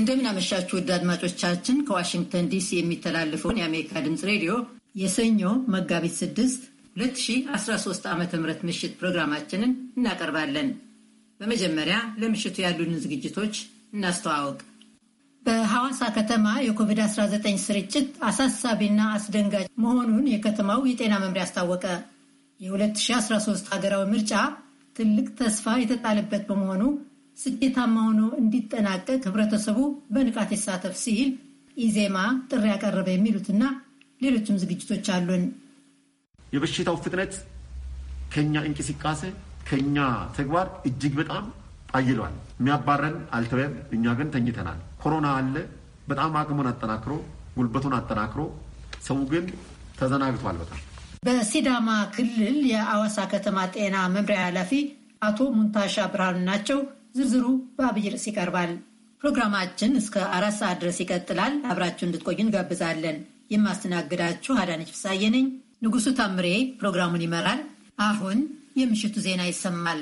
እንደምን አመሻችሁ ውድ አድማጮቻችን። ከዋሽንግተን ዲሲ የሚተላለፈውን የአሜሪካ ድምፅ ሬዲዮ የሰኞ መጋቢት 6 2013 ዓ ም ምሽት ፕሮግራማችንን እናቀርባለን። በመጀመሪያ ለምሽቱ ያሉንን ዝግጅቶች እናስተዋወቅ። በሐዋሳ ከተማ የኮቪድ-19 ስርጭት አሳሳቢና አስደንጋጭ መሆኑን የከተማው የጤና መምሪያ አስታወቀ። የ2013 ሀገራዊ ምርጫ ትልቅ ተስፋ የተጣለበት በመሆኑ ስኬታማ ሆኖ እንዲጠናቀቅ ህብረተሰቡ በንቃት ይሳተፍ ሲል ኢዜማ ጥሪ ያቀረበ የሚሉትና ሌሎችም ዝግጅቶች አሉን። የበሽታው ፍጥነት ከኛ እንቅስቃሴ ከኛ ተግባር እጅግ በጣም አይሏል። የሚያባረን አልተበም፣ እኛ ግን ተኝተናል። ኮሮና አለ። በጣም አቅሙን አጠናክሮ ጉልበቱን አጠናክሮ ሰው ግን ተዘናግቷል በጣም። በሲዳማ ክልል የአዋሳ ከተማ ጤና መምሪያ ኃላፊ አቶ ሙንታሻ ብርሃኑ ናቸው። ዝርዝሩ በአብይ ርዕስ ይቀርባል። ፕሮግራማችን እስከ አራት ሰዓት ድረስ ይቀጥላል። አብራችሁ እንድትቆዩ እንጋብዛለን። የማስተናግዳችሁ አዳነች ፍሳዬ ነኝ። ንጉሱ ታምሬ ፕሮግራሙን ይመራል። አሁን የምሽቱ ዜና ይሰማል።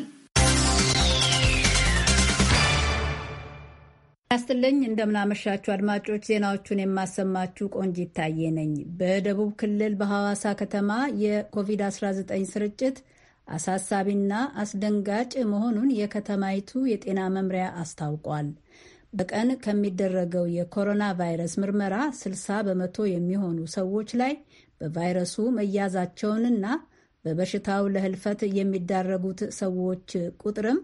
ያስትልኝ እንደምናመሻችሁ አድማጮች፣ ዜናዎቹን የማሰማችሁ ቆንጂ ይታየ ነኝ። በደቡብ ክልል በሐዋሳ ከተማ የኮቪድ-19 ስርጭት አሳሳቢና አስደንጋጭ መሆኑን የከተማይቱ የጤና መምሪያ አስታውቋል። በቀን ከሚደረገው የኮሮና ቫይረስ ምርመራ 60 በመቶ የሚሆኑ ሰዎች ላይ በቫይረሱ መያዛቸውንና በበሽታው ለህልፈት የሚዳረጉት ሰዎች ቁጥርም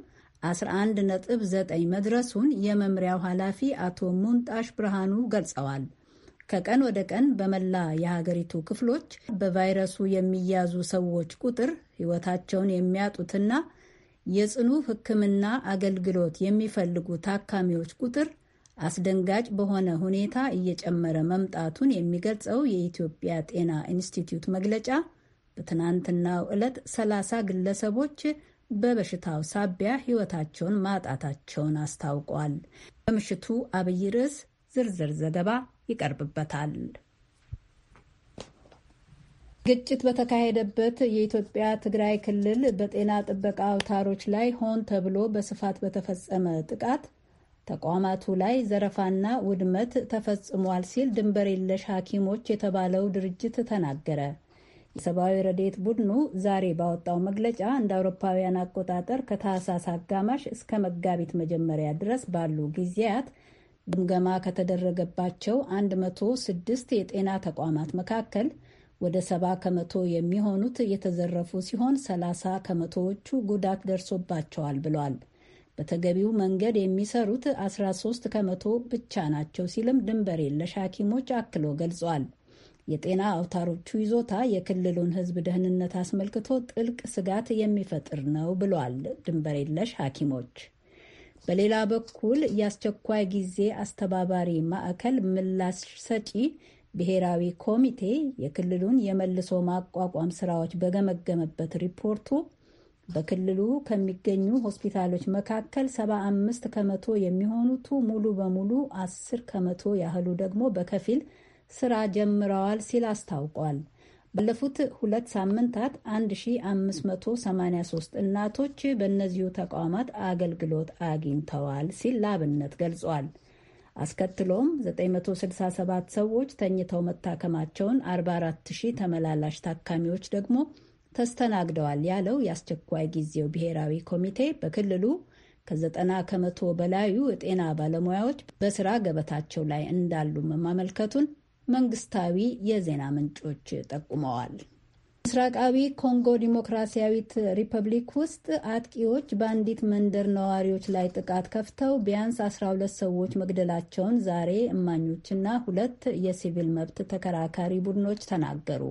11.9 መድረሱን የመምሪያው ኃላፊ አቶ ሙንጣሽ ብርሃኑ ገልጸዋል። ከቀን ወደ ቀን በመላ የሀገሪቱ ክፍሎች በቫይረሱ የሚያዙ ሰዎች ቁጥር ሕይወታቸውን የሚያጡትና የጽኑ ሕክምና አገልግሎት የሚፈልጉ ታካሚዎች ቁጥር አስደንጋጭ በሆነ ሁኔታ እየጨመረ መምጣቱን የሚገልጸው የኢትዮጵያ ጤና ኢንስቲትዩት መግለጫ በትናንትናው ዕለት ሰላሳ ግለሰቦች በበሽታው ሳቢያ ሕይወታቸውን ማጣታቸውን አስታውቋል። በምሽቱ አብይ ርዕስ ዝርዝር ዘገባ ይቀርብበታል። ግጭት በተካሄደበት የኢትዮጵያ ትግራይ ክልል በጤና ጥበቃ አውታሮች ላይ ሆን ተብሎ በስፋት በተፈጸመ ጥቃት ተቋማቱ ላይ ዘረፋና ውድመት ተፈጽሟል ሲል ድንበር የለሽ ሐኪሞች የተባለው ድርጅት ተናገረ። የሰብአዊ ረዴት ቡድኑ ዛሬ ባወጣው መግለጫ እንደ አውሮፓውያን አቆጣጠር ከታህሳስ አጋማሽ እስከ መጋቢት መጀመሪያ ድረስ ባሉ ጊዜያት ግምገማ ከተደረገባቸው 106 የጤና ተቋማት መካከል ወደ 70 ከመቶ የሚሆኑት የተዘረፉ ሲሆን 30 ከመቶዎቹ ጉዳት ደርሶባቸዋል ብሏል። በተገቢው መንገድ የሚሰሩት 13 ከመቶ ብቻ ናቸው ሲልም ድንበር የለሽ ሐኪሞች አክሎ ገልጿል። የጤና አውታሮቹ ይዞታ የክልሉን ሕዝብ ደህንነት አስመልክቶ ጥልቅ ስጋት የሚፈጥር ነው ብሏል ድንበር የለሽ ሐኪሞች በሌላ በኩል የአስቸኳይ ጊዜ አስተባባሪ ማዕከል ምላሽ ሰጪ ብሔራዊ ኮሚቴ የክልሉን የመልሶ ማቋቋም ስራዎች በገመገመበት ሪፖርቱ በክልሉ ከሚገኙ ሆስፒታሎች መካከል 75 ከመቶ የሚሆኑቱ ሙሉ በሙሉ፣ 10 ከመቶ ያህሉ ደግሞ በከፊል ስራ ጀምረዋል ሲል አስታውቋል። ባለፉት ሁለት ሳምንታት 1583 እናቶች በእነዚሁ ተቋማት አገልግሎት አግኝተዋል ሲል ለአብነት ገልጿል። አስከትሎም 967 ሰዎች ተኝተው መታከማቸውን፣ 44000 ተመላላሽ ታካሚዎች ደግሞ ተስተናግደዋል ያለው የአስቸኳይ ጊዜው ብሔራዊ ኮሚቴ በክልሉ ከዘጠና ከመቶ በላዩ የጤና ባለሙያዎች በስራ ገበታቸው ላይ እንዳሉ ማመልከቱን መንግስታዊ የዜና ምንጮች ጠቁመዋል። ምስራቃዊ ኮንጎ ዲሞክራሲያዊት ሪፐብሊክ ውስጥ አጥቂዎች በአንዲት መንደር ነዋሪዎች ላይ ጥቃት ከፍተው ቢያንስ 12 ሰዎች መግደላቸውን ዛሬ እማኞችና ሁለት የሲቪል መብት ተከራካሪ ቡድኖች ተናገሩ።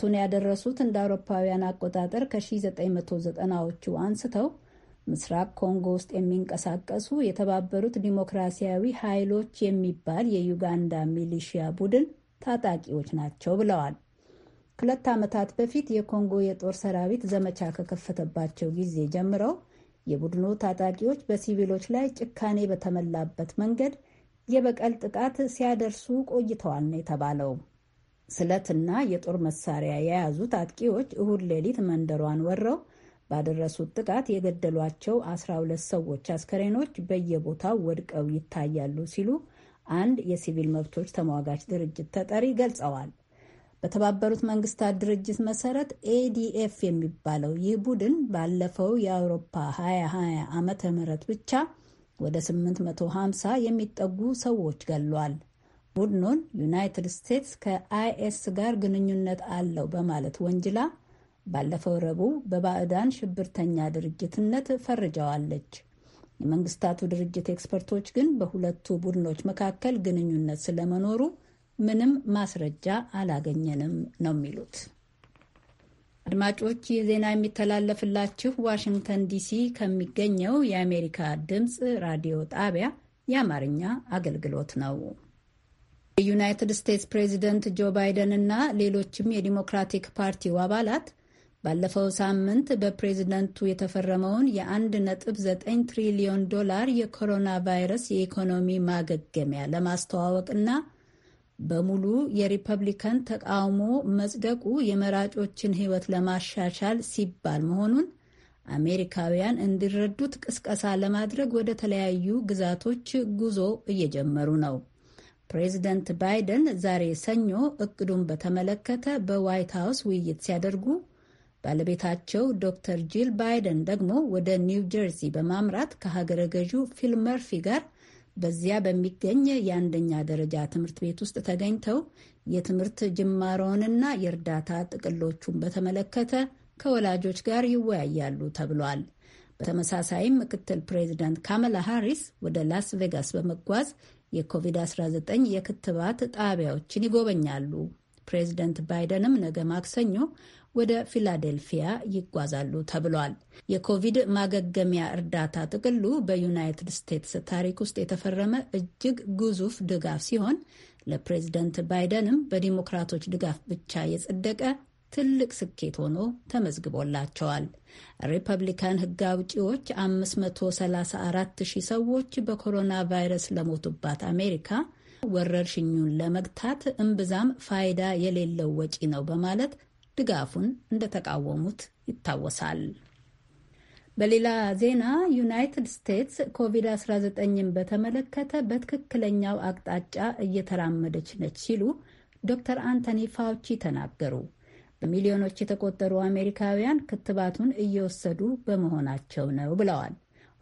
ቱን ያደረሱት እንደ አውሮፓውያን አቆጣጠር ከ1990ዎቹ አንስተው ምስራቅ ኮንጎ ውስጥ የሚንቀሳቀሱ የተባበሩት ዲሞክራሲያዊ ኃይሎች የሚባል የዩጋንዳ ሚሊሺያ ቡድን ታጣቂዎች ናቸው ብለዋል። ከሁለት ዓመታት በፊት የኮንጎ የጦር ሰራዊት ዘመቻ ከከፈተባቸው ጊዜ ጀምረው የቡድኑ ታጣቂዎች በሲቪሎች ላይ ጭካኔ በተሞላበት መንገድ የበቀል ጥቃት ሲያደርሱ ቆይተዋል ነው የተባለው። ስለትና የጦር መሳሪያ የያዙ ታጥቂዎች እሁድ ሌሊት መንደሯን ወረው ባደረሱት ጥቃት የገደሏቸው 12 ሰዎች አስከሬኖች በየቦታው ወድቀው ይታያሉ ሲሉ አንድ የሲቪል መብቶች ተሟጋች ድርጅት ተጠሪ ገልጸዋል። በተባበሩት መንግስታት ድርጅት መሰረት ኤዲኤፍ የሚባለው ይህ ቡድን ባለፈው የአውሮፓ 2020 ዓመተ ምህረት ብቻ ወደ 850 የሚጠጉ ሰዎች ገሏል። ቡድኑን ዩናይትድ ስቴትስ ከአይኤስ ጋር ግንኙነት አለው በማለት ወንጅላ ባለፈው ረቡዕ በባዕዳን ሽብርተኛ ድርጅትነት ፈርጀዋለች። የመንግስታቱ ድርጅት ኤክስፐርቶች ግን በሁለቱ ቡድኖች መካከል ግንኙነት ስለመኖሩ ምንም ማስረጃ አላገኘንም ነው የሚሉት። አድማጮች ይህ ዜና የሚተላለፍላችሁ ዋሽንግተን ዲሲ ከሚገኘው የአሜሪካ ድምፅ ራዲዮ ጣቢያ የአማርኛ አገልግሎት ነው። የዩናይትድ ስቴትስ ፕሬዚደንት ጆ ባይደን እና ሌሎችም የዲሞክራቲክ ፓርቲው አባላት ባለፈው ሳምንት በፕሬዝደንቱ የተፈረመውን የ1.9 ትሪሊዮን ዶላር የኮሮና ቫይረስ የኢኮኖሚ ማገገሚያ ለማስተዋወቅና በሙሉ የሪፐብሊካን ተቃውሞ መጽደቁ የመራጮችን ሕይወት ለማሻሻል ሲባል መሆኑን አሜሪካውያን እንዲረዱት ቅስቀሳ ለማድረግ ወደ ተለያዩ ግዛቶች ጉዞ እየጀመሩ ነው። ፕሬዚደንት ባይደን ዛሬ ሰኞ እቅዱን በተመለከተ በዋይት ሀውስ ውይይት ሲያደርጉ ባለቤታቸው ዶክተር ጂል ባይደን ደግሞ ወደ ኒው ጀርሲ በማምራት ከሀገረ ገዢው ፊል መርፊ ጋር በዚያ በሚገኝ የአንደኛ ደረጃ ትምህርት ቤት ውስጥ ተገኝተው የትምህርት ጅማሮውንና የእርዳታ ጥቅሎቹን በተመለከተ ከወላጆች ጋር ይወያያሉ ተብሏል። በተመሳሳይም ምክትል ፕሬዚደንት ካመላ ሃሪስ ወደ ላስ ቬጋስ በመጓዝ የኮቪድ-19 የክትባት ጣቢያዎችን ይጎበኛሉ። ፕሬዚደንት ባይደንም ነገ ማክሰኞ ወደ ፊላዴልፊያ ይጓዛሉ ተብሏል። የኮቪድ ማገገሚያ እርዳታ ጥቅሉ በዩናይትድ ስቴትስ ታሪክ ውስጥ የተፈረመ እጅግ ግዙፍ ድጋፍ ሲሆን ለፕሬዝደንት ባይደንም በዲሞክራቶች ድጋፍ ብቻ የጸደቀ ትልቅ ስኬት ሆኖ ተመዝግቦላቸዋል። ሪፐብሊካን ሕግ አውጪዎች 534 ሺህ ሰዎች በኮሮና ቫይረስ ለሞቱባት አሜሪካ ወረርሽኙን ለመግታት እምብዛም ፋይዳ የሌለው ወጪ ነው በማለት ድጋፉን እንደተቃወሙት ይታወሳል። በሌላ ዜና ዩናይትድ ስቴትስ ኮቪድ-19ን በተመለከተ በትክክለኛው አቅጣጫ እየተራመደች ነች ሲሉ ዶክተር አንቶኒ ፋውቺ ተናገሩ። በሚሊዮኖች የተቆጠሩ አሜሪካውያን ክትባቱን እየወሰዱ በመሆናቸው ነው ብለዋል።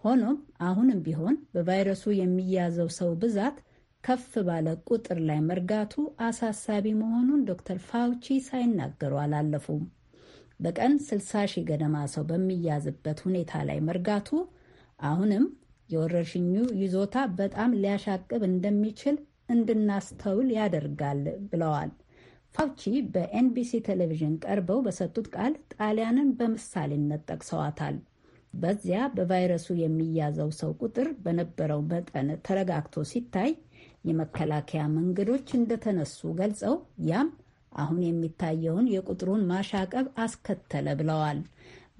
ሆኖም አሁንም ቢሆን በቫይረሱ የሚያዘው ሰው ብዛት ከፍ ባለ ቁጥር ላይ መርጋቱ አሳሳቢ መሆኑን ዶክተር ፋውቺ ሳይናገሩ አላለፉም። በቀን 60 ሺህ ገደማ ሰው በሚያዝበት ሁኔታ ላይ መርጋቱ አሁንም የወረርሽኙ ይዞታ በጣም ሊያሻቅብ እንደሚችል እንድናስተውል ያደርጋል ብለዋል። ፋውቺ በኤንቢሲ ቴሌቪዥን ቀርበው በሰጡት ቃል ጣሊያንን በምሳሌነት ጠቅሰዋታል። በዚያ በቫይረሱ የሚያዘው ሰው ቁጥር በነበረው መጠን ተረጋግቶ ሲታይ የመከላከያ መንገዶች እንደተነሱ ገልጸው ያም አሁን የሚታየውን የቁጥሩን ማሻቀብ አስከተለ ብለዋል።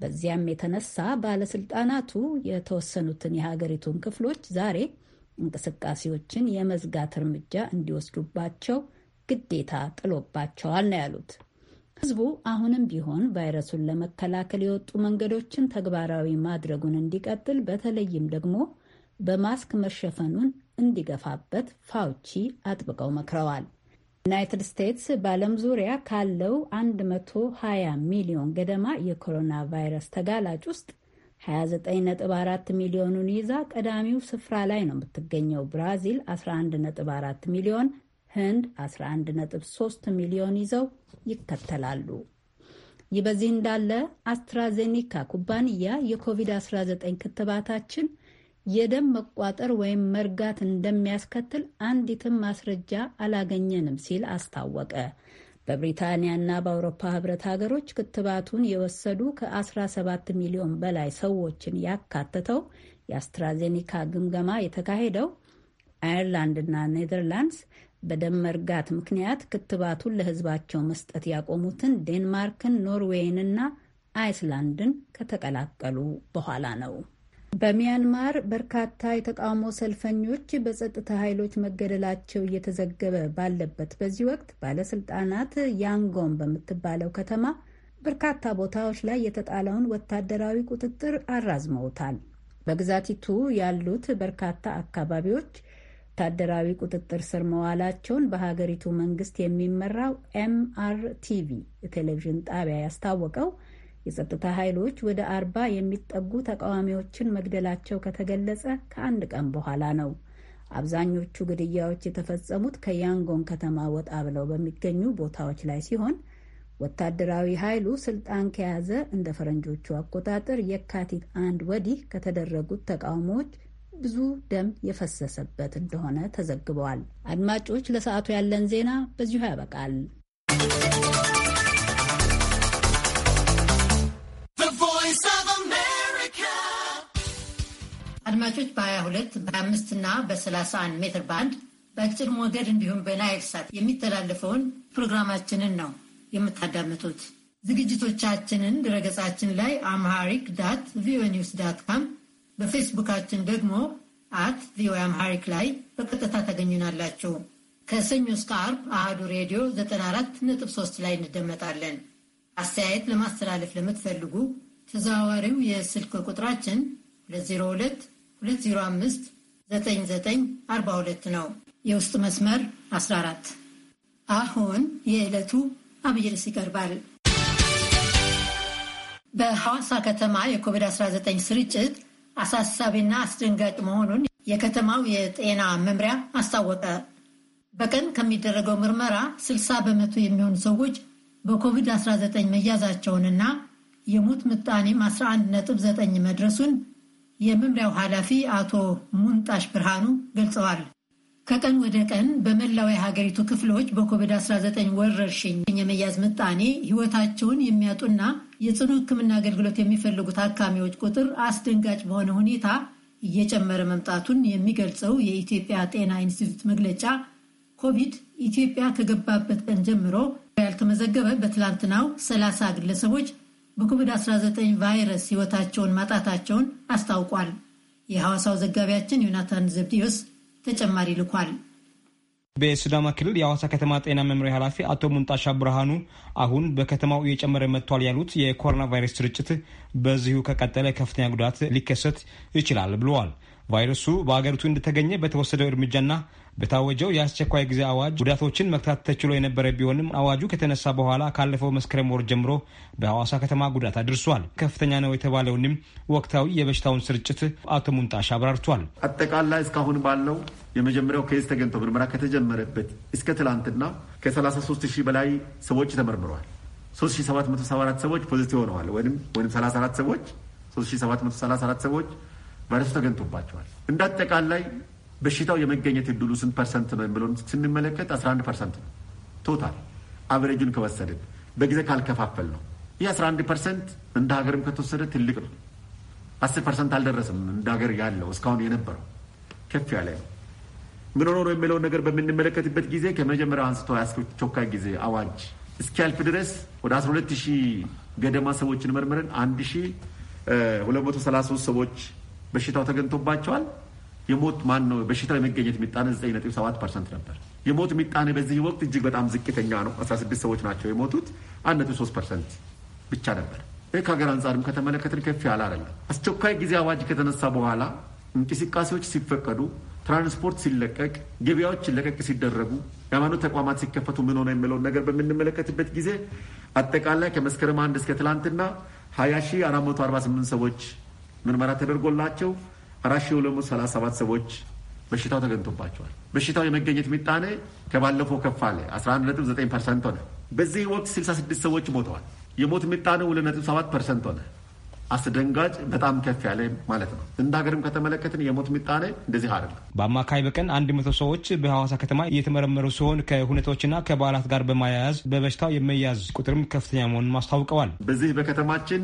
በዚያም የተነሳ ባለስልጣናቱ የተወሰኑትን የሀገሪቱን ክፍሎች ዛሬ እንቅስቃሴዎችን የመዝጋት እርምጃ እንዲወስዱባቸው ግዴታ ጥሎባቸዋል ነው ያሉት። ህዝቡ አሁንም ቢሆን ቫይረሱን ለመከላከል የወጡ መንገዶችን ተግባራዊ ማድረጉን እንዲቀጥል በተለይም ደግሞ በማስክ መሸፈኑን እንዲገፋበት ፋውቺ አጥብቀው መክረዋል። ዩናይትድ ስቴትስ በዓለም ዙሪያ ካለው 120 ሚሊዮን ገደማ የኮሮና ቫይረስ ተጋላጭ ውስጥ 29.4 ሚሊዮኑን ይዛ ቀዳሚው ስፍራ ላይ ነው የምትገኘው። ብራዚል 11.4 ሚሊዮን፣ ህንድ 11.3 ሚሊዮን ይዘው ይከተላሉ። ይህ በዚህ እንዳለ አስትራዜኒካ ኩባንያ የኮቪድ-19 ክትባታችን የደም መቋጠር ወይም መርጋት እንደሚያስከትል አንዲትም ማስረጃ አላገኘንም ሲል አስታወቀ። በብሪታንያና በአውሮፓ ህብረት ሀገሮች ክትባቱን የወሰዱ ከ17 ሚሊዮን በላይ ሰዎችን ያካተተው የአስትራዜኒካ ግምገማ የተካሄደው አየርላንድና ኔዘርላንድስ በደም መርጋት ምክንያት ክትባቱን ለህዝባቸው መስጠት ያቆሙትን ዴንማርክን፣ ኖርዌይንና አይስላንድን ከተቀላቀሉ በኋላ ነው። በሚያንማር በርካታ የተቃውሞ ሰልፈኞች በጸጥታ ኃይሎች መገደላቸው እየተዘገበ ባለበት በዚህ ወቅት ባለስልጣናት ያንጎን በምትባለው ከተማ በርካታ ቦታዎች ላይ የተጣለውን ወታደራዊ ቁጥጥር አራዝመውታል። በግዛቲቱ ያሉት በርካታ አካባቢዎች ወታደራዊ ቁጥጥር ስር መዋላቸውን በሀገሪቱ መንግስት የሚመራው ኤምአርቲቪ የቴሌቪዥን ጣቢያ ያስታወቀው የጸጥታ ኃይሎች ወደ አርባ የሚጠጉ ተቃዋሚዎችን መግደላቸው ከተገለጸ ከአንድ ቀን በኋላ ነው። አብዛኞቹ ግድያዎች የተፈጸሙት ከያንጎን ከተማ ወጣ ብለው በሚገኙ ቦታዎች ላይ ሲሆን ወታደራዊ ኃይሉ ስልጣን ከያዘ እንደ ፈረንጆቹ አቆጣጠር የካቲት አንድ ወዲህ ከተደረጉት ተቃውሞዎች ብዙ ደም የፈሰሰበት እንደሆነ ተዘግበዋል። አድማጮች፣ ለሰዓቱ ያለን ዜና በዚሁ ያበቃል። አድማጮች በ22 በ25 እና በ31 ሜትር ባንድ በአጭር ሞገድ እንዲሁም በናይል ሳት የሚተላለፈውን ፕሮግራማችንን ነው የምታዳምጡት። ዝግጅቶቻችንን ድረገጻችን ላይ አምሃሪክ ዳት ቪኦኤ ኒውስ ዳት ካም፣ በፌስቡካችን ደግሞ አት ቪኦኤ አምሃሪክ ላይ በቀጥታ ታገኙናላችሁ። ከሰኞ እስከ አርብ አህዱ ሬዲዮ 94.3 ላይ እንደመጣለን። አስተያየት ለማስተላለፍ ለምትፈልጉ ተዘዋዋሪው የስልክ ቁጥራችን 202 205 9942 ነው። የውስጥ መስመር 14። አሁን የዕለቱ አብይ ርዕስ ይቀርባል። በሐዋሳ ከተማ የኮቪድ-19 ስርጭት አሳሳቢና አስደንጋጭ መሆኑን የከተማው የጤና መምሪያ አስታወቀ። በቀን ከሚደረገው ምርመራ 60 በመቶ የሚሆኑ ሰዎች በኮቪድ-19 መያዛቸውንና የሙት ምጣኔም 11.9 መድረሱን የመምሪያው ኃላፊ አቶ ሙንጣሽ ብርሃኑ ገልጸዋል። ከቀን ወደ ቀን በመላው የሀገሪቱ ክፍሎች በኮቪድ-19 ወረርሽኝ የመያዝ ምጣኔ ሕይወታቸውን የሚያጡና የጽኑ ሕክምና አገልግሎት የሚፈልጉ ታካሚዎች ቁጥር አስደንጋጭ በሆነ ሁኔታ እየጨመረ መምጣቱን የሚገልጸው የኢትዮጵያ ጤና ኢንስቲትዩት መግለጫ ኮቪድ ኢትዮጵያ ከገባበት ቀን ጀምሮ ያልተመዘገበ በትላንትናው 30 ግለሰቦች በኮቪድ-19 ቫይረስ ሕይወታቸውን ማጣታቸውን አስታውቋል። የሐዋሳው ዘጋቢያችን ዮናታን ዘብዲዮስ ተጨማሪ ልኳል። በሲዳማ ክልል የሐዋሳ ከተማ ጤና መምሪያ ኃላፊ አቶ ሙንጣሻ ብርሃኑ አሁን በከተማው እየጨመረ መጥቷል ያሉት የኮሮና ቫይረስ ስርጭት በዚሁ ከቀጠለ ከፍተኛ ጉዳት ሊከሰት ይችላል ብለዋል። ቫይረሱ በአገሪቱ እንደተገኘ በተወሰደው እርምጃና በታወጀው የአስቸኳይ ጊዜ አዋጅ ጉዳቶችን መክታት ተችሎ የነበረ ቢሆንም አዋጁ ከተነሳ በኋላ ካለፈው መስከረም ወር ጀምሮ በሐዋሳ ከተማ ጉዳት አድርሷል። ከፍተኛ ነው የተባለውንም ወቅታዊ የበሽታውን ስርጭት አቶ ሙንጣሽ አብራርቷል። አጠቃላይ እስካሁን ባለው የመጀመሪያው ኬዝ ተገኝቶ ምርመራ ከተጀመረበት እስከ ትላንትና ከ33 ሺህ በላይ ሰዎች ተመርምረዋል። 3774 ሰዎች ፖዚቲቭ ሆነዋል ወይም 34 ሰዎች 3734 ሰዎች ቫይረሱ ተገኝቶባቸዋል። እንደ አጠቃላይ በሽታው የመገኘት እድሉ ስንት ፐርሰንት ነው የሚለውን ስንመለከት 11 ፐርሰንት ነው ቶታል አቨሬጁን ከወሰድን በጊዜ ካልከፋፈል ነው። ይህ 11 ፐርሰንት እንደ ሀገርም ከተወሰደ ትልቅ ነው። 10 ፐርሰንት አልደረስም። እንደ ሀገር ያለው እስካሁን የነበረው ከፍ ያለ ነው። ምን ሆኖ ነው የሚለውን ነገር በምንመለከትበት ጊዜ ከመጀመሪያው አንስቶ አስቸኳይ ጊዜ አዋጅ እስኪያልፍ ድረስ ወደ 12 ሺህ ገደማ ሰዎችን መርምረን 1233 ሰዎች በሽታው ተገኝቶባቸዋል። የሞት ማን ነው በሽታው የመገኘት ሚጣኔ 9.7 ፐርሰንት ነበር። የሞት ሚጣኔ በዚህ ወቅት እጅግ በጣም ዝቅተኛ ነው። 16 ሰዎች ናቸው የሞቱት 1.3 ፐርሰንት ብቻ ነበር። ይህ ከሀገር አንጻርም ከተመለከትን ከፍ ያለ አይደለም። አስቸኳይ ጊዜ አዋጅ ከተነሳ በኋላ እንቅስቃሴዎች ሲፈቀዱ፣ ትራንስፖርት ሲለቀቅ፣ ገበያዎች ለቀቅ ሲደረጉ፣ የሃይማኖት ተቋማት ሲከፈቱ ምን ሆነ የሚለውን ነገር በምንመለከትበት ጊዜ አጠቃላይ ከመስከረም አንድ እስከ ትላንትና 2448 ሰዎች ምርመራ ተደርጎላቸው አራት ሺህ ሁለት መቶ ሰላሳ ሰባት ሰዎች በሽታው ተገኝቶባቸዋል። በሽታው የመገኘት ምጣኔ ከባለፈው ከፍ አለ፣ 11.9 ፐርሰንት ሆነ። በዚህ ወቅት 66 ሰዎች ሞተዋል። የሞት ምጣኔ 2.7 ፐርሰንት ሆነ። አስደንጋጭ በጣም ከፍ ያለ ማለት ነው። እንደ ሀገርም ከተመለከትን የሞት ምጣኔ እንደዚህ አይደለም። በአማካይ በቀን አንድ መቶ ሰዎች በሐዋሳ ከተማ እየተመረመሩ ሲሆን ከሁኔታዎችና ከበዓላት ጋር በማያያዝ በበሽታው የመያዝ ቁጥርም ከፍተኛ መሆኑን አስታውቀዋል። በዚህ በከተማችን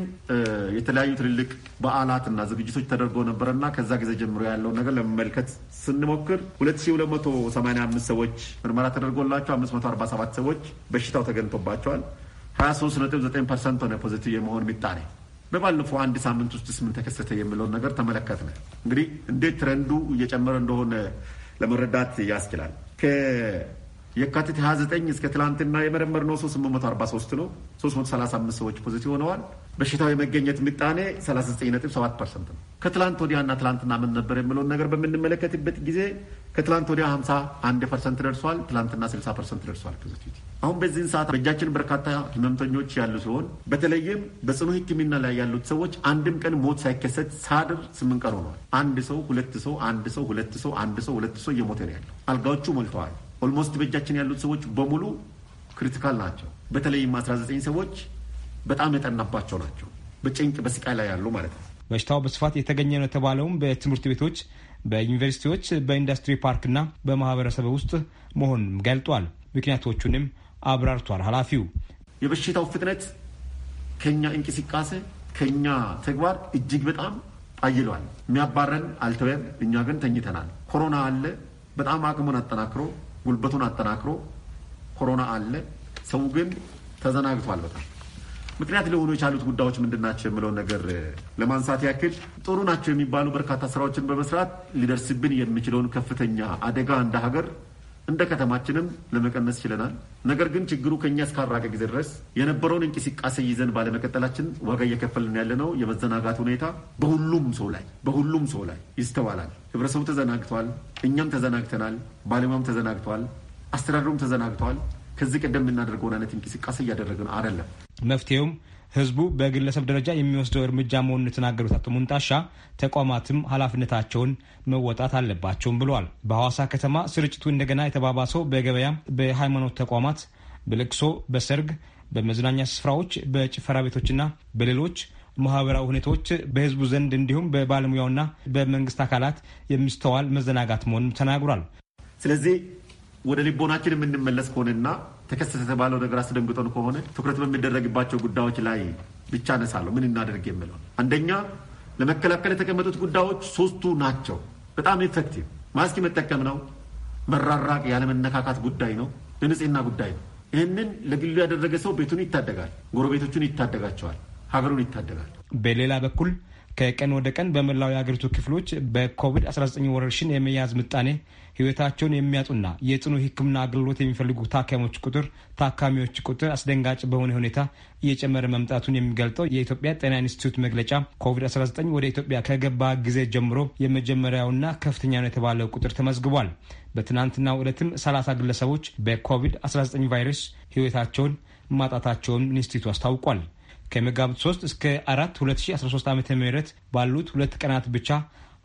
የተለያዩ ትልልቅ በዓላትና ዝግጅቶች ተደርጎ ነበረና ከዛ ጊዜ ጀምሮ ያለውን ነገር ለመመልከት ስንሞክር 2285 ሰዎች ምርመራ ተደርጎላቸው 547 ሰዎች በሽታው ተገኝቶባቸዋል። 23.9 ፐርሰንት ሆነ ፖዚቲቭ የመሆን ምጣኔ በባለፈው አንድ ሳምንት ውስጥስ ምን ተከሰተ የሚለውን ነገር ተመለከትን። እንግዲህ እንዴት ትረንዱ እየጨመረ እንደሆነ ለመረዳት ያስችላል። የካቲት 29 እስከ ትላንትና የመረመርነው 343 ነው። 335 ሰዎች ፖዚቲቭ ሆነዋል። በሽታው የመገኘት ምጣኔ 39.7 ፐርሰንት ነው። ከትላንት ወዲያና ትላንትና ምን ነበር የሚለውን ነገር በምንመለከትበት ጊዜ ከትላንት ወዲያ 51 ፐርሰንት ደርሷል። ትላንትና 60 ፐርሰንት ደርሷል ፖዚቲቪቲ። አሁን በዚህን ሰዓት በእጃችን በርካታ ህመምተኞች ያሉ ሲሆን በተለይም በጽኑ ሕክምና ላይ ያሉት ሰዎች አንድም ቀን ሞት ሳይከሰት ሳድር ስምንት ቀን ሆነዋል። አንድ ሰው ሁለት ሰው አንድ ሰው ሁለት ሰው አንድ ሰው ሁለት ሰው እየሞተ ነው ያለው። አልጋዎቹ ሞልተዋል። ኦልሞስት በእጃችን ያሉት ሰዎች በሙሉ ክሪቲካል ናቸው። በተለይም 19 ሰዎች በጣም የጠናባቸው ናቸው። በጭንቅ በስቃይ ላይ ያሉ ማለት ነው። በሽታው በስፋት የተገኘ ነው የተባለውም በትምህርት ቤቶች፣ በዩኒቨርሲቲዎች፣ በኢንዱስትሪ ፓርክና በማህበረሰብ ውስጥ መሆኑንም ገልጧል። ምክንያቶቹንም አብራርቷል ኃላፊው። የበሽታው ፍጥነት ከኛ እንቅስቃሴ ከኛ ተግባር እጅግ በጣም አይሏል። የሚያባረን አልተወም። እኛ ግን ተኝተናል። ኮሮና አለ በጣም አቅሙን አጠናክሮ ጉልበቱን አጠናክሮ ኮሮና አለ። ሰው ግን ተዘናግቷል በጣም ምክንያት ሊሆኑ የቻሉት ጉዳዮች ምንድን ናቸው የምለውን ነገር ለማንሳት ያክል ጥሩ ናቸው የሚባሉ በርካታ ስራዎችን በመስራት ሊደርስብን የሚችለውን ከፍተኛ አደጋ እንደ ሀገር እንደ ከተማችንም ለመቀነስ ችለናል። ነገር ግን ችግሩ ከኛ እስካራቀ ጊዜ ድረስ የነበረውን እንቅስቃሴ ይዘን ባለመቀጠላችን ዋጋ እየከፈልን ያለነው የመዘናጋት ሁኔታ በሁሉም ሰው ላይ በሁሉም ሰው ላይ ይስተዋላል። ህብረተሰቡ ተዘናግቷል። እኛም ተዘናግተናል። ባለሙያም ተዘናግቷል። አስተዳደሩም ተዘናግቷል። ከዚህ ቀደም የምናደርገውን አይነት እንቅስቃሴ እያደረግን አይደለም። መፍትሄውም ህዝቡ በግለሰብ ደረጃ የሚወስደው እርምጃ መሆኑን የተናገሩት አቶ ሙንጣሻ ተቋማትም ኃላፊነታቸውን መወጣት አለባቸውም ብለዋል። በሐዋሳ ከተማ ስርጭቱ እንደገና የተባባሰው በገበያ፣ በሃይማኖት ተቋማት፣ በልቅሶ፣ በሰርግ፣ በመዝናኛ ስፍራዎች፣ በጭፈራ ቤቶችና በሌሎች ማህበራዊ ሁኔታዎች በህዝቡ ዘንድ እንዲሁም በባለሙያውና በመንግስት አካላት የሚስተዋል መዘናጋት መሆኑን ተናግሯል። ስለዚህ ወደ ልቦናችን የምንመለስ ከሆነና ተከሰተ የተባለው ነገር አስደንግጦን ከሆነ ትኩረት በሚደረግባቸው ጉዳዮች ላይ ብቻ ነሳለሁ። ምን እናደርግ የምለው አንደኛ ለመከላከል የተቀመጡት ጉዳዮች ሶስቱ ናቸው። በጣም ኢፌክቲቭ ማስክ መጠቀም ነው። መራራቅ ያለመነካካት ጉዳይ ነው። የንጽህና ጉዳይ ነው። ይህንን ለግሉ ያደረገ ሰው ቤቱን ይታደጋል፣ ጎረቤቶቹን ይታደጋቸዋል፣ ሀገሩን ይታደጋል። በሌላ በኩል ከቀን ወደ ቀን በመላው የአገሪቱ ክፍሎች በኮቪድ-19 ወረርሽን የመያዝ ምጣኔ ህይወታቸውን የሚያጡና የጽኑ ሕክምና አገልግሎት የሚፈልጉ ታካሚዎች ቁጥር ታካሚዎች ቁጥር አስደንጋጭ በሆነ ሁኔታ እየጨመረ መምጣቱን የሚገልጠው የኢትዮጵያ ጤና ኢንስቲትዩት መግለጫ ኮቪድ-19 ወደ ኢትዮጵያ ከገባ ጊዜ ጀምሮ የመጀመሪያውና ከፍተኛ ነው የተባለው ቁጥር ተመዝግቧል። በትናንትናው ዕለትም 30 ግለሰቦች በኮቪድ-19 ቫይረስ ህይወታቸውን ማጣታቸውን ኢንስቲትዩቱ አስታውቋል። ከመጋቢት 3 እስከ 4 2013 ዓ ም ባሉት ሁለት ቀናት ብቻ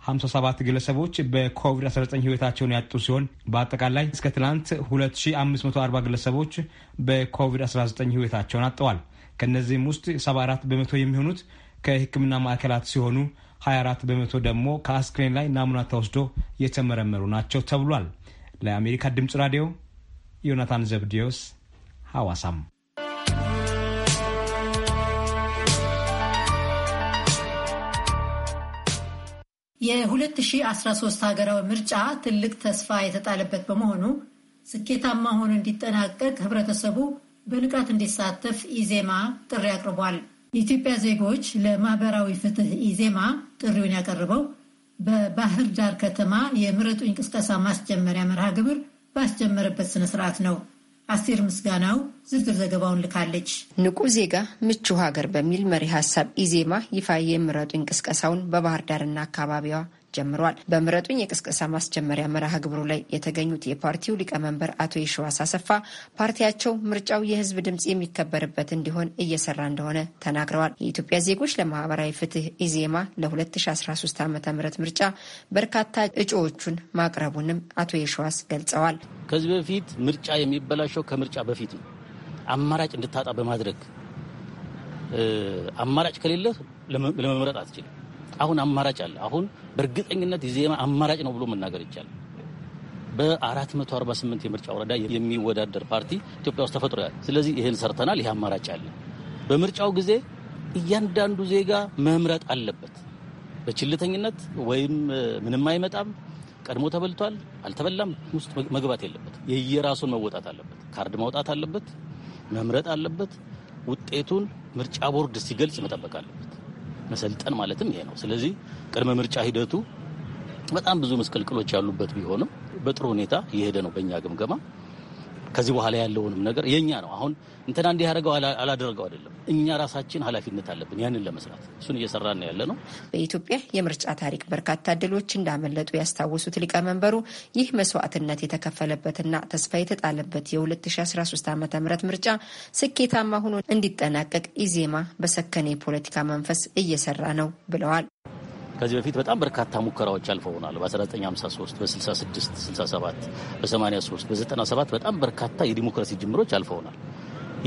57 ግለሰቦች በኮቪድ-19 ህይወታቸውን ያጡ ሲሆን በአጠቃላይ እስከ ትላንት 2540 ግለሰቦች በኮቪድ-19 ህይወታቸውን አጥተዋል። ከእነዚህም ውስጥ 74 በመቶ የሚሆኑት ከህክምና ማዕከላት ሲሆኑ 24 በመቶ ደግሞ ከአስክሬን ላይ ናሙና ተወስዶ የተመረመሩ ናቸው ተብሏል። ለአሜሪካ ድምፅ ራዲዮ ዮናታን ዘብዲዮስ ሐዋሳም የ2013 ሀገራዊ ምርጫ ትልቅ ተስፋ የተጣለበት በመሆኑ ስኬታማ ሆኖ እንዲጠናቀቅ ህብረተሰቡ በንቃት እንዲሳተፍ ኢዜማ ጥሪ አቅርቧል። የኢትዮጵያ ዜጎች ለማህበራዊ ፍትህ ኢዜማ ጥሪውን ያቀረበው በባህር ዳር ከተማ የምረጡኝ ቅስቀሳ ማስጀመሪያ መርሃ ግብር ባስጀመረበት ስነስርዓት ነው። አስቴር ምስጋናው ዝርዝር ዘገባውን ልካለች። ንቁ ዜጋ ምቹ ሀገር በሚል መሪ ሀሳብ ኢዜማ ይፋ የምረጡ ቅስቀሳውን በባህር ዳርና አካባቢዋ ጀምሯል። በምረጡኝ የቅስቀሳ ማስጀመሪያ መርሃ ግብሩ ላይ የተገኙት የፓርቲው ሊቀመንበር አቶ የሸዋስ አሰፋ ፓርቲያቸው ምርጫው የህዝብ ድምፅ የሚከበርበት እንዲሆን እየሰራ እንደሆነ ተናግረዋል። የኢትዮጵያ ዜጎች ለማህበራዊ ፍትህ ኢዜማ ለ2013 ዓ ም ምርጫ በርካታ እጩዎቹን ማቅረቡንም አቶ የሸዋስ ገልጸዋል። ከዚህ በፊት ምርጫ የሚበላሸው ከምርጫ በፊት ነው። አማራጭ እንድታጣ በማድረግ አማራጭ ከሌለ ለመምረጥ አትችልም። አሁን አማራጭ አለ። አሁን በእርግጠኝነት የዜማ አማራጭ ነው ብሎ መናገር ይቻላል። በ448 የምርጫ ወረዳ የሚወዳደር ፓርቲ ኢትዮጵያ ውስጥ ተፈጥሮ ያለ። ስለዚህ ይህን ሰርተናል። ይህ አማራጭ አለ። በምርጫው ጊዜ እያንዳንዱ ዜጋ መምረጥ አለበት። በችልተኝነት ወይም ምንም አይመጣም ቀድሞ ተበልቷል አልተበላም ውስጥ መግባት የለበት። የየራሱን መወጣት አለበት። ካርድ ማውጣት አለበት። መምረጥ አለበት። ውጤቱን ምርጫ ቦርድ ሲገልጽ መጠበቅ አለበት። መሰልጠን ማለትም ይሄ ነው። ስለዚህ ቅድመ ምርጫ ሂደቱ በጣም ብዙ ምስቅልቅሎች ያሉበት ቢሆንም በጥሩ ሁኔታ እየሄደ ነው በእኛ ግምገማ። ከዚህ በኋላ ያለውንም ነገር የእኛ ነው። አሁን እንትና እንዲህ ያደረገው አላደረገው አይደለም። እኛ ራሳችን ኃላፊነት አለብን ያንን ለመስራት እሱን እየሰራን ነው ያለ ነው። በኢትዮጵያ የምርጫ ታሪክ በርካታ ድሎች እንዳመለጡ ያስታወሱት ሊቀመንበሩ ይህ መስዋዕትነት የተከፈለበትና ተስፋ የተጣለበት የ2013 ዓ ም ምርጫ ስኬታማ ሆኖ እንዲጠናቀቅ ኢዜማ በሰከነ የፖለቲካ መንፈስ እየሰራ ነው ብለዋል። ከዚህ በፊት በጣም በርካታ ሙከራዎች አልፈውናል። በ1953 በ66 67 በ83 በ97 በጣም በርካታ የዲሞክራሲ ጅምሮች አልፈውናል።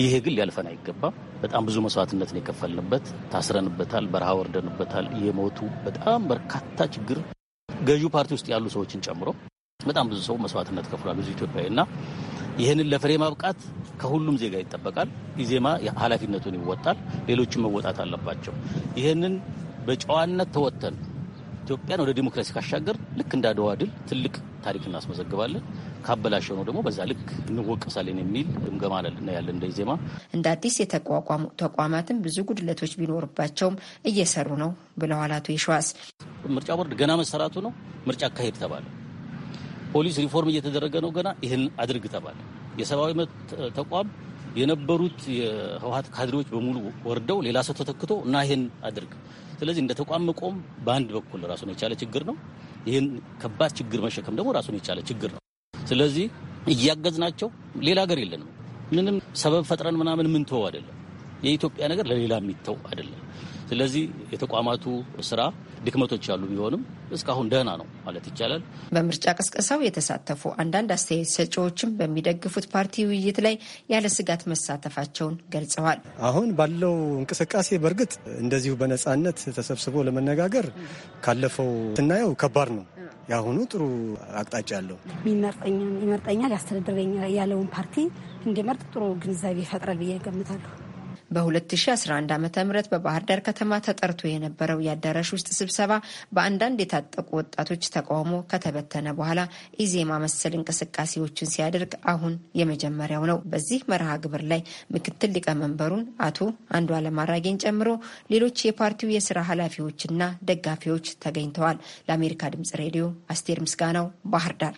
ይሄ ግን ሊያልፈን አይገባም። በጣም ብዙ መስዋዕትነትን የከፈልንበት ታስረንበታል፣ በረሃ ወርደንበታል፣ የሞቱ በጣም በርካታ ችግር ገዢው ፓርቲ ውስጥ ያሉ ሰዎችን ጨምሮ በጣም ብዙ ሰው መስዋዕትነት ከፍሏል፣ ብዙ ኢትዮጵያዊ እና ይህንን ለፍሬ ማብቃት ከሁሉም ዜጋ ይጠበቃል። ኢዜማ ኃላፊነቱን ይወጣል፣ ሌሎችም መወጣት አለባቸው። ይህንን በጨዋነት ተወጥተን ኢትዮጵያን ወደ ዲሞክራሲ ካሻገር ልክ እንደ አድዋ ድል ትልቅ ታሪክ እናስመዘግባለን። ካበላሸው ነው ደግሞ በዛ ልክ እንወቀሳለን የሚል ግምገማ ያለን እንደ ዜማ እንደ አዲስ የተቋቋሙ ተቋማትም ብዙ ጉድለቶች ቢኖርባቸውም እየሰሩ ነው ብለዋል አቶ የሸዋስ። ምርጫ ቦርድ ገና መሰራቱ ነው። ምርጫ አካሄድ ተባለ። ፖሊስ ሪፎርም እየተደረገ ነው። ገና ይህን አድርግ ተባለ። የሰብአዊ መብት ተቋም የነበሩት የህወሀት ካድሬዎች በሙሉ ወርደው ሌላ ሰው ተተክቶ እና ይህን አድርግ ስለዚህ እንደ ተቋም መቆም በአንድ በኩል ራሱን የቻለ ችግር ነው። ይህን ከባድ ችግር መሸከም ደግሞ ራሱን የቻለ ችግር ነው። ስለዚህ እያገዝናቸው ሌላ ሀገር የለንም። ምንም ሰበብ ፈጥረን ምናምን ምንተው አይደለም። የኢትዮጵያ ነገር ለሌላ የሚተው አይደለም። ስለዚህ የተቋማቱ ስራ ድክመቶች ያሉ ቢሆንም እስካሁን ደህና ነው ማለት ይቻላል። በምርጫ ቅስቀሳው የተሳተፉ አንዳንድ አስተያየት ሰጪዎችም በሚደግፉት ፓርቲ ውይይት ላይ ያለ ስጋት መሳተፋቸውን ገልጸዋል። አሁን ባለው እንቅስቃሴ በእርግጥ እንደዚሁ በነፃነት ተሰብስቦ ለመነጋገር ካለፈው ስናየው ከባድ ነው። የአሁኑ ጥሩ አቅጣጫ ያለው ይመርጠኛል፣ ያስተዳድረኛል ያለውን ፓርቲ እንዲመርጥ ጥሩ ግንዛቤ ይፈጥራል ብዬ ገምታለሁ። በ2011 ዓ ም በባህር ዳር ከተማ ተጠርቶ የነበረው የአዳራሽ ውስጥ ስብሰባ በአንዳንድ የታጠቁ ወጣቶች ተቃውሞ ከተበተነ በኋላ ኢዜማ መሰል እንቅስቃሴዎችን ሲያደርግ አሁን የመጀመሪያው ነው። በዚህ መርሃ ግብር ላይ ምክትል ሊቀመንበሩን አቶ አንዱዓለም አራጌን ጨምሮ ሌሎች የፓርቲው የስራ ኃላፊዎችና ደጋፊዎች ተገኝተዋል። ለአሜሪካ ድምጽ ሬዲዮ አስቴር ምስጋናው ባህር ዳር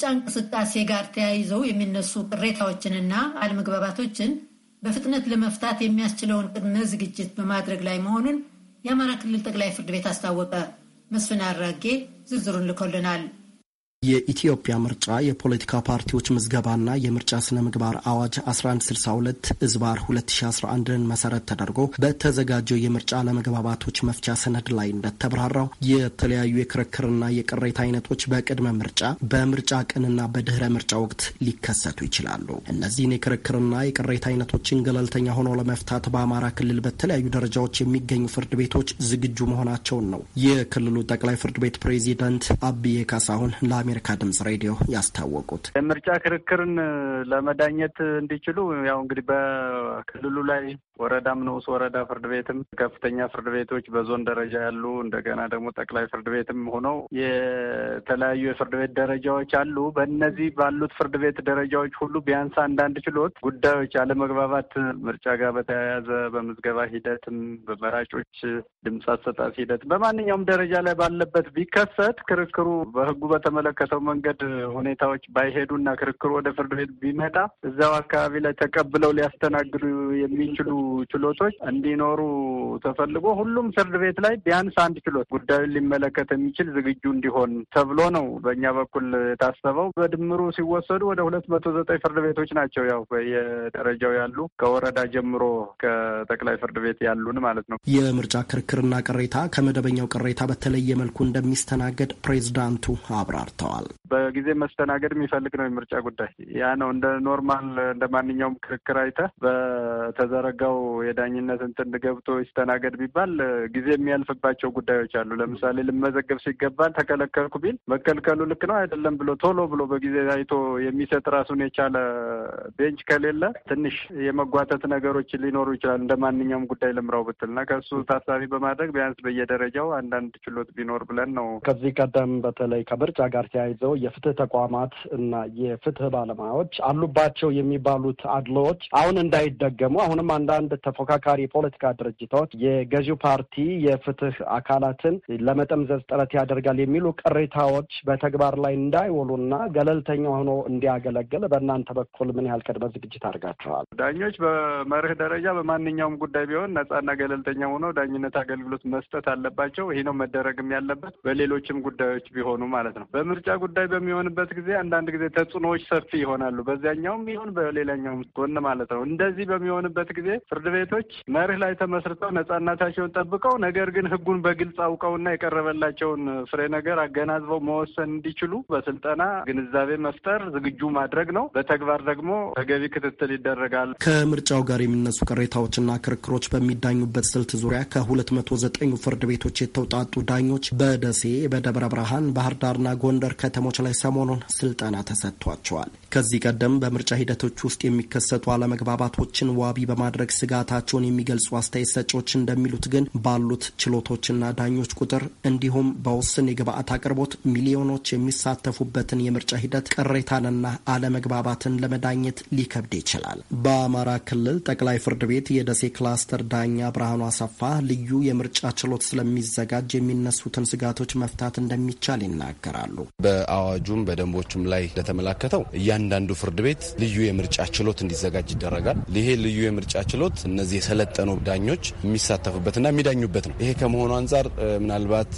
ከምርጫ እንቅስቃሴ ጋር ተያይዘው የሚነሱ ቅሬታዎችንና አለመግባባቶችን በፍጥነት ለመፍታት የሚያስችለውን ቅድመ ዝግጅት በማድረግ ላይ መሆኑን የአማራ ክልል ጠቅላይ ፍርድ ቤት አስታወቀ። መስፍን አራጌ ዝርዝሩን ልኮልናል። የኢትዮጵያ ምርጫ የፖለቲካ ፓርቲዎች ምዝገባና የምርጫ ስነ ምግባር አዋጅ 1162 እዝባር 2011ን መሰረት ተደርጎ በተዘጋጀው የምርጫ አለመግባባቶች መፍቻ ሰነድ ላይ እንደተብራራው የተለያዩ የክርክርና የቅሬታ አይነቶች በቅድመ ምርጫ፣ በምርጫ ቀንና በድህረ ምርጫ ወቅት ሊከሰቱ ይችላሉ። እነዚህን የክርክርና የቅሬታ አይነቶችን ገለልተኛ ሆኖ ለመፍታት በአማራ ክልል በተለያዩ ደረጃዎች የሚገኙ ፍርድ ቤቶች ዝግጁ መሆናቸውን ነው የክልሉ ጠቅላይ ፍርድ ቤት ፕሬዚዳንት አብዬ ካሳሁን ለአሜሪካ ድምጽ ሬዲዮ ያስታወቁት የምርጫ ክርክርን ለመዳኘት እንዲችሉ ያው እንግዲህ በክልሉ ላይ ወረዳም ንዑስ ወረዳ ፍርድ ቤትም ከፍተኛ ፍርድ ቤቶች በዞን ደረጃ ያሉ እንደገና ደግሞ ጠቅላይ ፍርድ ቤትም ሆነው የተለያዩ የፍርድ ቤት ደረጃዎች አሉ። በእነዚህ ባሉት ፍርድ ቤት ደረጃዎች ሁሉ ቢያንስ አንዳንድ ችሎት ጉዳዮች አለመግባባት ምርጫ ጋር በተያያዘ በምዝገባ ሂደትም በመራጮች ድምፅ አሰጣት ሂደት በማንኛውም ደረጃ ላይ ባለበት ቢከሰት ክርክሩ በህጉ በተመለከተው መንገድ ሁኔታዎች ባይሄዱ እና ክርክሩ ወደ ፍርድ ቤት ቢመጣ እዚያው አካባቢ ላይ ተቀብለው ሊያስተናግዱ የሚችሉ ችሎቶች እንዲኖሩ ተፈልጎ ሁሉም ፍርድ ቤት ላይ ቢያንስ አንድ ችሎት ጉዳዩን ሊመለከት የሚችል ዝግጁ እንዲሆን ተብሎ ነው በእኛ በኩል የታሰበው። በድምሩ ሲወሰዱ ወደ ሁለት መቶ ዘጠኝ ፍርድ ቤቶች ናቸው ያው በየደረጃው ያሉ ከወረዳ ጀምሮ ከጠቅላይ ፍርድ ቤት ያሉን ማለት ነው። የምርጫ ክርክርና ቅሬታ ከመደበኛው ቅሬታ በተለየ መልኩ እንደሚስተናገድ ፕሬዚዳንቱ አብራርተዋል። በጊዜ መስተናገድ የሚፈልግ ነው የምርጫ ጉዳይ ያ ነው። እንደ ኖርማል እንደ ማንኛውም ክርክር አይተህ በተዘረጋው ነው የዳኝነት እንትን ገብቶ ይስተናገድ ቢባል ጊዜ የሚያልፍባቸው ጉዳዮች አሉ። ለምሳሌ ልመዘገብ ሲገባል ተከለከልኩ ቢል መከልከሉ ልክ ነው አይደለም ብሎ ቶሎ ብሎ በጊዜ አይቶ የሚሰጥ ራሱን የቻለ ቤንች ከሌለ ትንሽ የመጓተት ነገሮች ሊኖሩ ይችላል። እንደ ማንኛውም ጉዳይ ልምራው ብትል እና ከእሱ ታሳቢ በማድረግ ቢያንስ በየደረጃው አንዳንድ ችሎት ቢኖር ብለን ነው። ከዚህ ቀደም በተለይ ከምርጫ ጋር ተያይዘው የፍትህ ተቋማት እና የፍትህ ባለሙያዎች አሉባቸው የሚባሉት አድሎዎች አሁን እንዳይደገሙ አሁንም አንዳንድ አንዳንድ ተፎካካሪ የፖለቲካ ድርጅቶች የገዢው ፓርቲ የፍትህ አካላትን ለመጠምዘዝ ጥረት ያደርጋል የሚሉ ቅሬታዎች በተግባር ላይ እንዳይውሉና ገለልተኛ ሆኖ እንዲያገለግል በእናንተ በኩል ምን ያህል ቅድመ ዝግጅት አድርጋችኋል? ዳኞች በመርህ ደረጃ በማንኛውም ጉዳይ ቢሆን ነጻና ገለልተኛ ሆነው ዳኝነት አገልግሎት መስጠት አለባቸው። ይሄ ነው መደረግም ያለበት በሌሎችም ጉዳዮች ቢሆኑ ማለት ነው። በምርጫ ጉዳይ በሚሆንበት ጊዜ አንዳንድ ጊዜ ተጽዕኖዎች ሰፊ ይሆናሉ። በዚያኛውም ይሁን በሌላኛውም ጎን ማለት ነው። እንደዚህ በሚሆንበት ጊዜ ፍርድ ቤቶች መርህ ላይ ተመስርተው ነጻነታቸውን ጠብቀው ነገር ግን ህጉን በግልጽ አውቀውና የቀረበላቸውን ፍሬ ነገር አገናዝበው መወሰን እንዲችሉ በስልጠና ግንዛቤ መፍጠር፣ ዝግጁ ማድረግ ነው። በተግባር ደግሞ ተገቢ ክትትል ይደረጋል። ከምርጫው ጋር የሚነሱ ቅሬታዎችና ክርክሮች በሚዳኙበት ስልት ዙሪያ ከሁለት መቶ ዘጠኙ ፍርድ ቤቶች የተውጣጡ ዳኞች በደሴ፣ በደብረ ብርሃን፣ ባህር ዳርና ጎንደር ከተሞች ላይ ሰሞኑን ስልጠና ተሰጥቷቸዋል። ከዚህ ቀደም በምርጫ ሂደቶች ውስጥ የሚከሰቱ አለመግባባቶችን ዋቢ በማድረግ ስጋታቸውን የሚገልጹ አስተያየት ሰጪዎች እንደሚሉት ግን ባሉት ችሎቶችና ዳኞች ቁጥር እንዲሁም በውስን የግብአት አቅርቦት ሚሊዮኖች የሚሳተፉበትን የምርጫ ሂደት ቅሬታንና አለመግባባትን ለመዳኘት ሊከብድ ይችላል። በአማራ ክልል ጠቅላይ ፍርድ ቤት የደሴ ክላስተር ዳኛ ብርሃኑ አሰፋ ልዩ የምርጫ ችሎት ስለሚዘጋጅ የሚነሱትን ስጋቶች መፍታት እንደሚቻል ይናገራሉ። በአዋጁም በደንቦቹም ላይ እንደተመላከተው እያንዳንዱ ፍርድ ቤት ልዩ የምርጫ ችሎት እንዲዘጋጅ ይደረጋል። ይሄ ልዩ የምርጫ ችሎት ችሎት እነዚህ የሰለጠኑ ዳኞች የሚሳተፉበትና የሚዳኙበት ነው። ይሄ ከመሆኑ አንጻር ምናልባት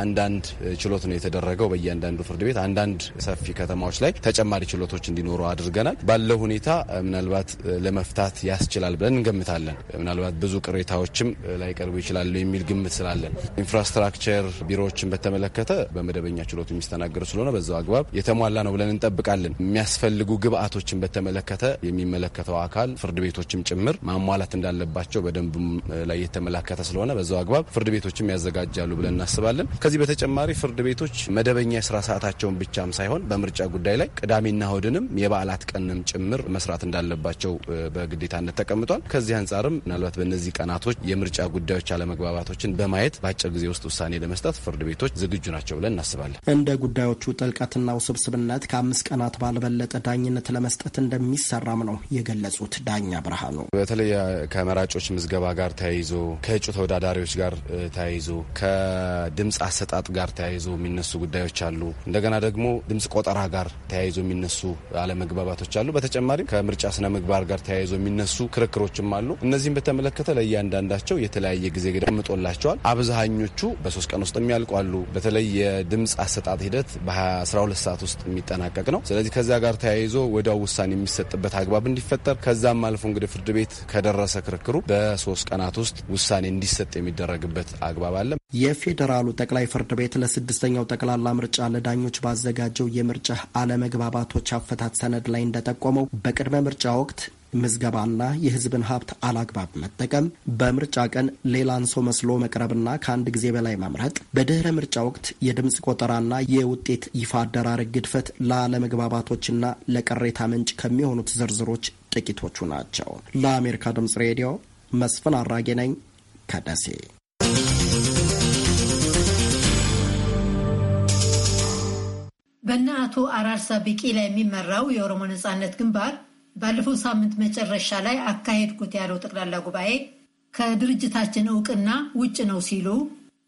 አንዳንድ ችሎት ነው የተደረገው በእያንዳንዱ ፍርድ ቤት አንዳንድ ሰፊ ከተማዎች ላይ ተጨማሪ ችሎቶች እንዲኖሩ አድርገናል። ባለው ሁኔታ ምናልባት ለመፍታት ያስችላል ብለን እንገምታለን። ምናልባት ብዙ ቅሬታዎችም ላይቀርቡ ይችላሉ የሚል ግምት ስላለን ኢንፍራስትራክቸር ቢሮዎችን በተመለከተ በመደበኛ ችሎት የሚስተናገዱ ስለሆነ በዛው አግባብ የተሟላ ነው ብለን እንጠብቃለን። የሚያስፈልጉ ግብአቶችን በተመለከተ የሚመለከተው አካል ፍርድ ቤቶችም ጭምር ማሟ ማሟላት እንዳለባቸው በደንብ ላይ የተመላከተ ስለሆነ በዛው አግባብ ፍርድ ቤቶችም ያዘጋጃሉ ብለን እናስባለን። ከዚህ በተጨማሪ ፍርድ ቤቶች መደበኛ የስራ ሰዓታቸውን ብቻም ሳይሆን በምርጫ ጉዳይ ላይ ቅዳሜና እሁድንም የበዓላት ቀንም ጭምር መስራት እንዳለባቸው በግዴታነት ተቀምጧል። ከዚህ አንጻርም ምናልባት በእነዚህ ቀናቶች የምርጫ ጉዳዮች አለመግባባቶችን በማየት በአጭር ጊዜ ውስጥ ውሳኔ ለመስጠት ፍርድ ቤቶች ዝግጁ ናቸው ብለን እናስባለን። እንደ ጉዳዮቹ ጥልቀትና ውስብስብነት ከአምስት ቀናት ባልበለጠ ዳኝነት ለመስጠት እንደሚሰራም ነው የገለጹት ዳኛ ብርሃኑ በተለይ ከመራጮች ምዝገባ ጋር ተያይዞ ከእጩ ተወዳዳሪዎች ጋር ተያይዞ ከድምፅ አሰጣጥ ጋር ተያይዞ የሚነሱ ጉዳዮች አሉ። እንደገና ደግሞ ድምፅ ቆጠራ ጋር ተያይዞ የሚነሱ አለመግባባቶች አሉ። በተጨማሪም ከምርጫ ስነ ምግባር ጋር ተያይዞ የሚነሱ ክርክሮችም አሉ። እነዚህም በተመለከተ ለእያንዳንዳቸው የተለያየ ጊዜ ተቀምጦላቸዋል። አብዛኞቹ በሶስት ቀን ውስጥ የሚያልቁ አሉ። በተለይ የድምፅ አሰጣጥ ሂደት በ12 ሰዓት ውስጥ የሚጠናቀቅ ነው። ስለዚህ ከዚያ ጋር ተያይዞ ወዲያው ውሳኔ የሚሰጥበት አግባብ እንዲፈጠር ከዛም አልፎ እንግዲህ ፍርድ ቤት ከደ ደረሰ ክርክሩ በሶስት ቀናት ውስጥ ውሳኔ እንዲሰጥ የሚደረግበት አግባብ አለ። የፌዴራሉ ጠቅላይ ፍርድ ቤት ለስድስተኛው ጠቅላላ ምርጫ ለዳኞች ባዘጋጀው የምርጫ አለመግባባቶች አፈታት ሰነድ ላይ እንደጠቆመው በቅድመ ምርጫ ወቅት ምዝገባና የህዝብን ሀብት አላግባብ መጠቀም፣ በምርጫ ቀን ሌላን ሰው መስሎ መቅረብና ከአንድ ጊዜ በላይ መምረጥ፣ በድህረ ምርጫ ወቅት የድምፅ ቆጠራና የውጤት ይፋ አደራረግ ግድፈት ለአለመግባባቶችና ለቅሬታ ምንጭ ከሚሆኑት ዝርዝሮች ጥቂቶቹ ናቸው። ለአሜሪካ ድምፅ ሬዲዮ መስፍን አራጌ ነኝ ከደሴ። በእነ አቶ አራርሳ ቢቂላ የሚመራው የኦሮሞ ነጻነት ግንባር ባለፈው ሳምንት መጨረሻ ላይ አካሄድኩት ያለው ጠቅላላ ጉባኤ ከድርጅታችን እውቅና ውጭ ነው ሲሉ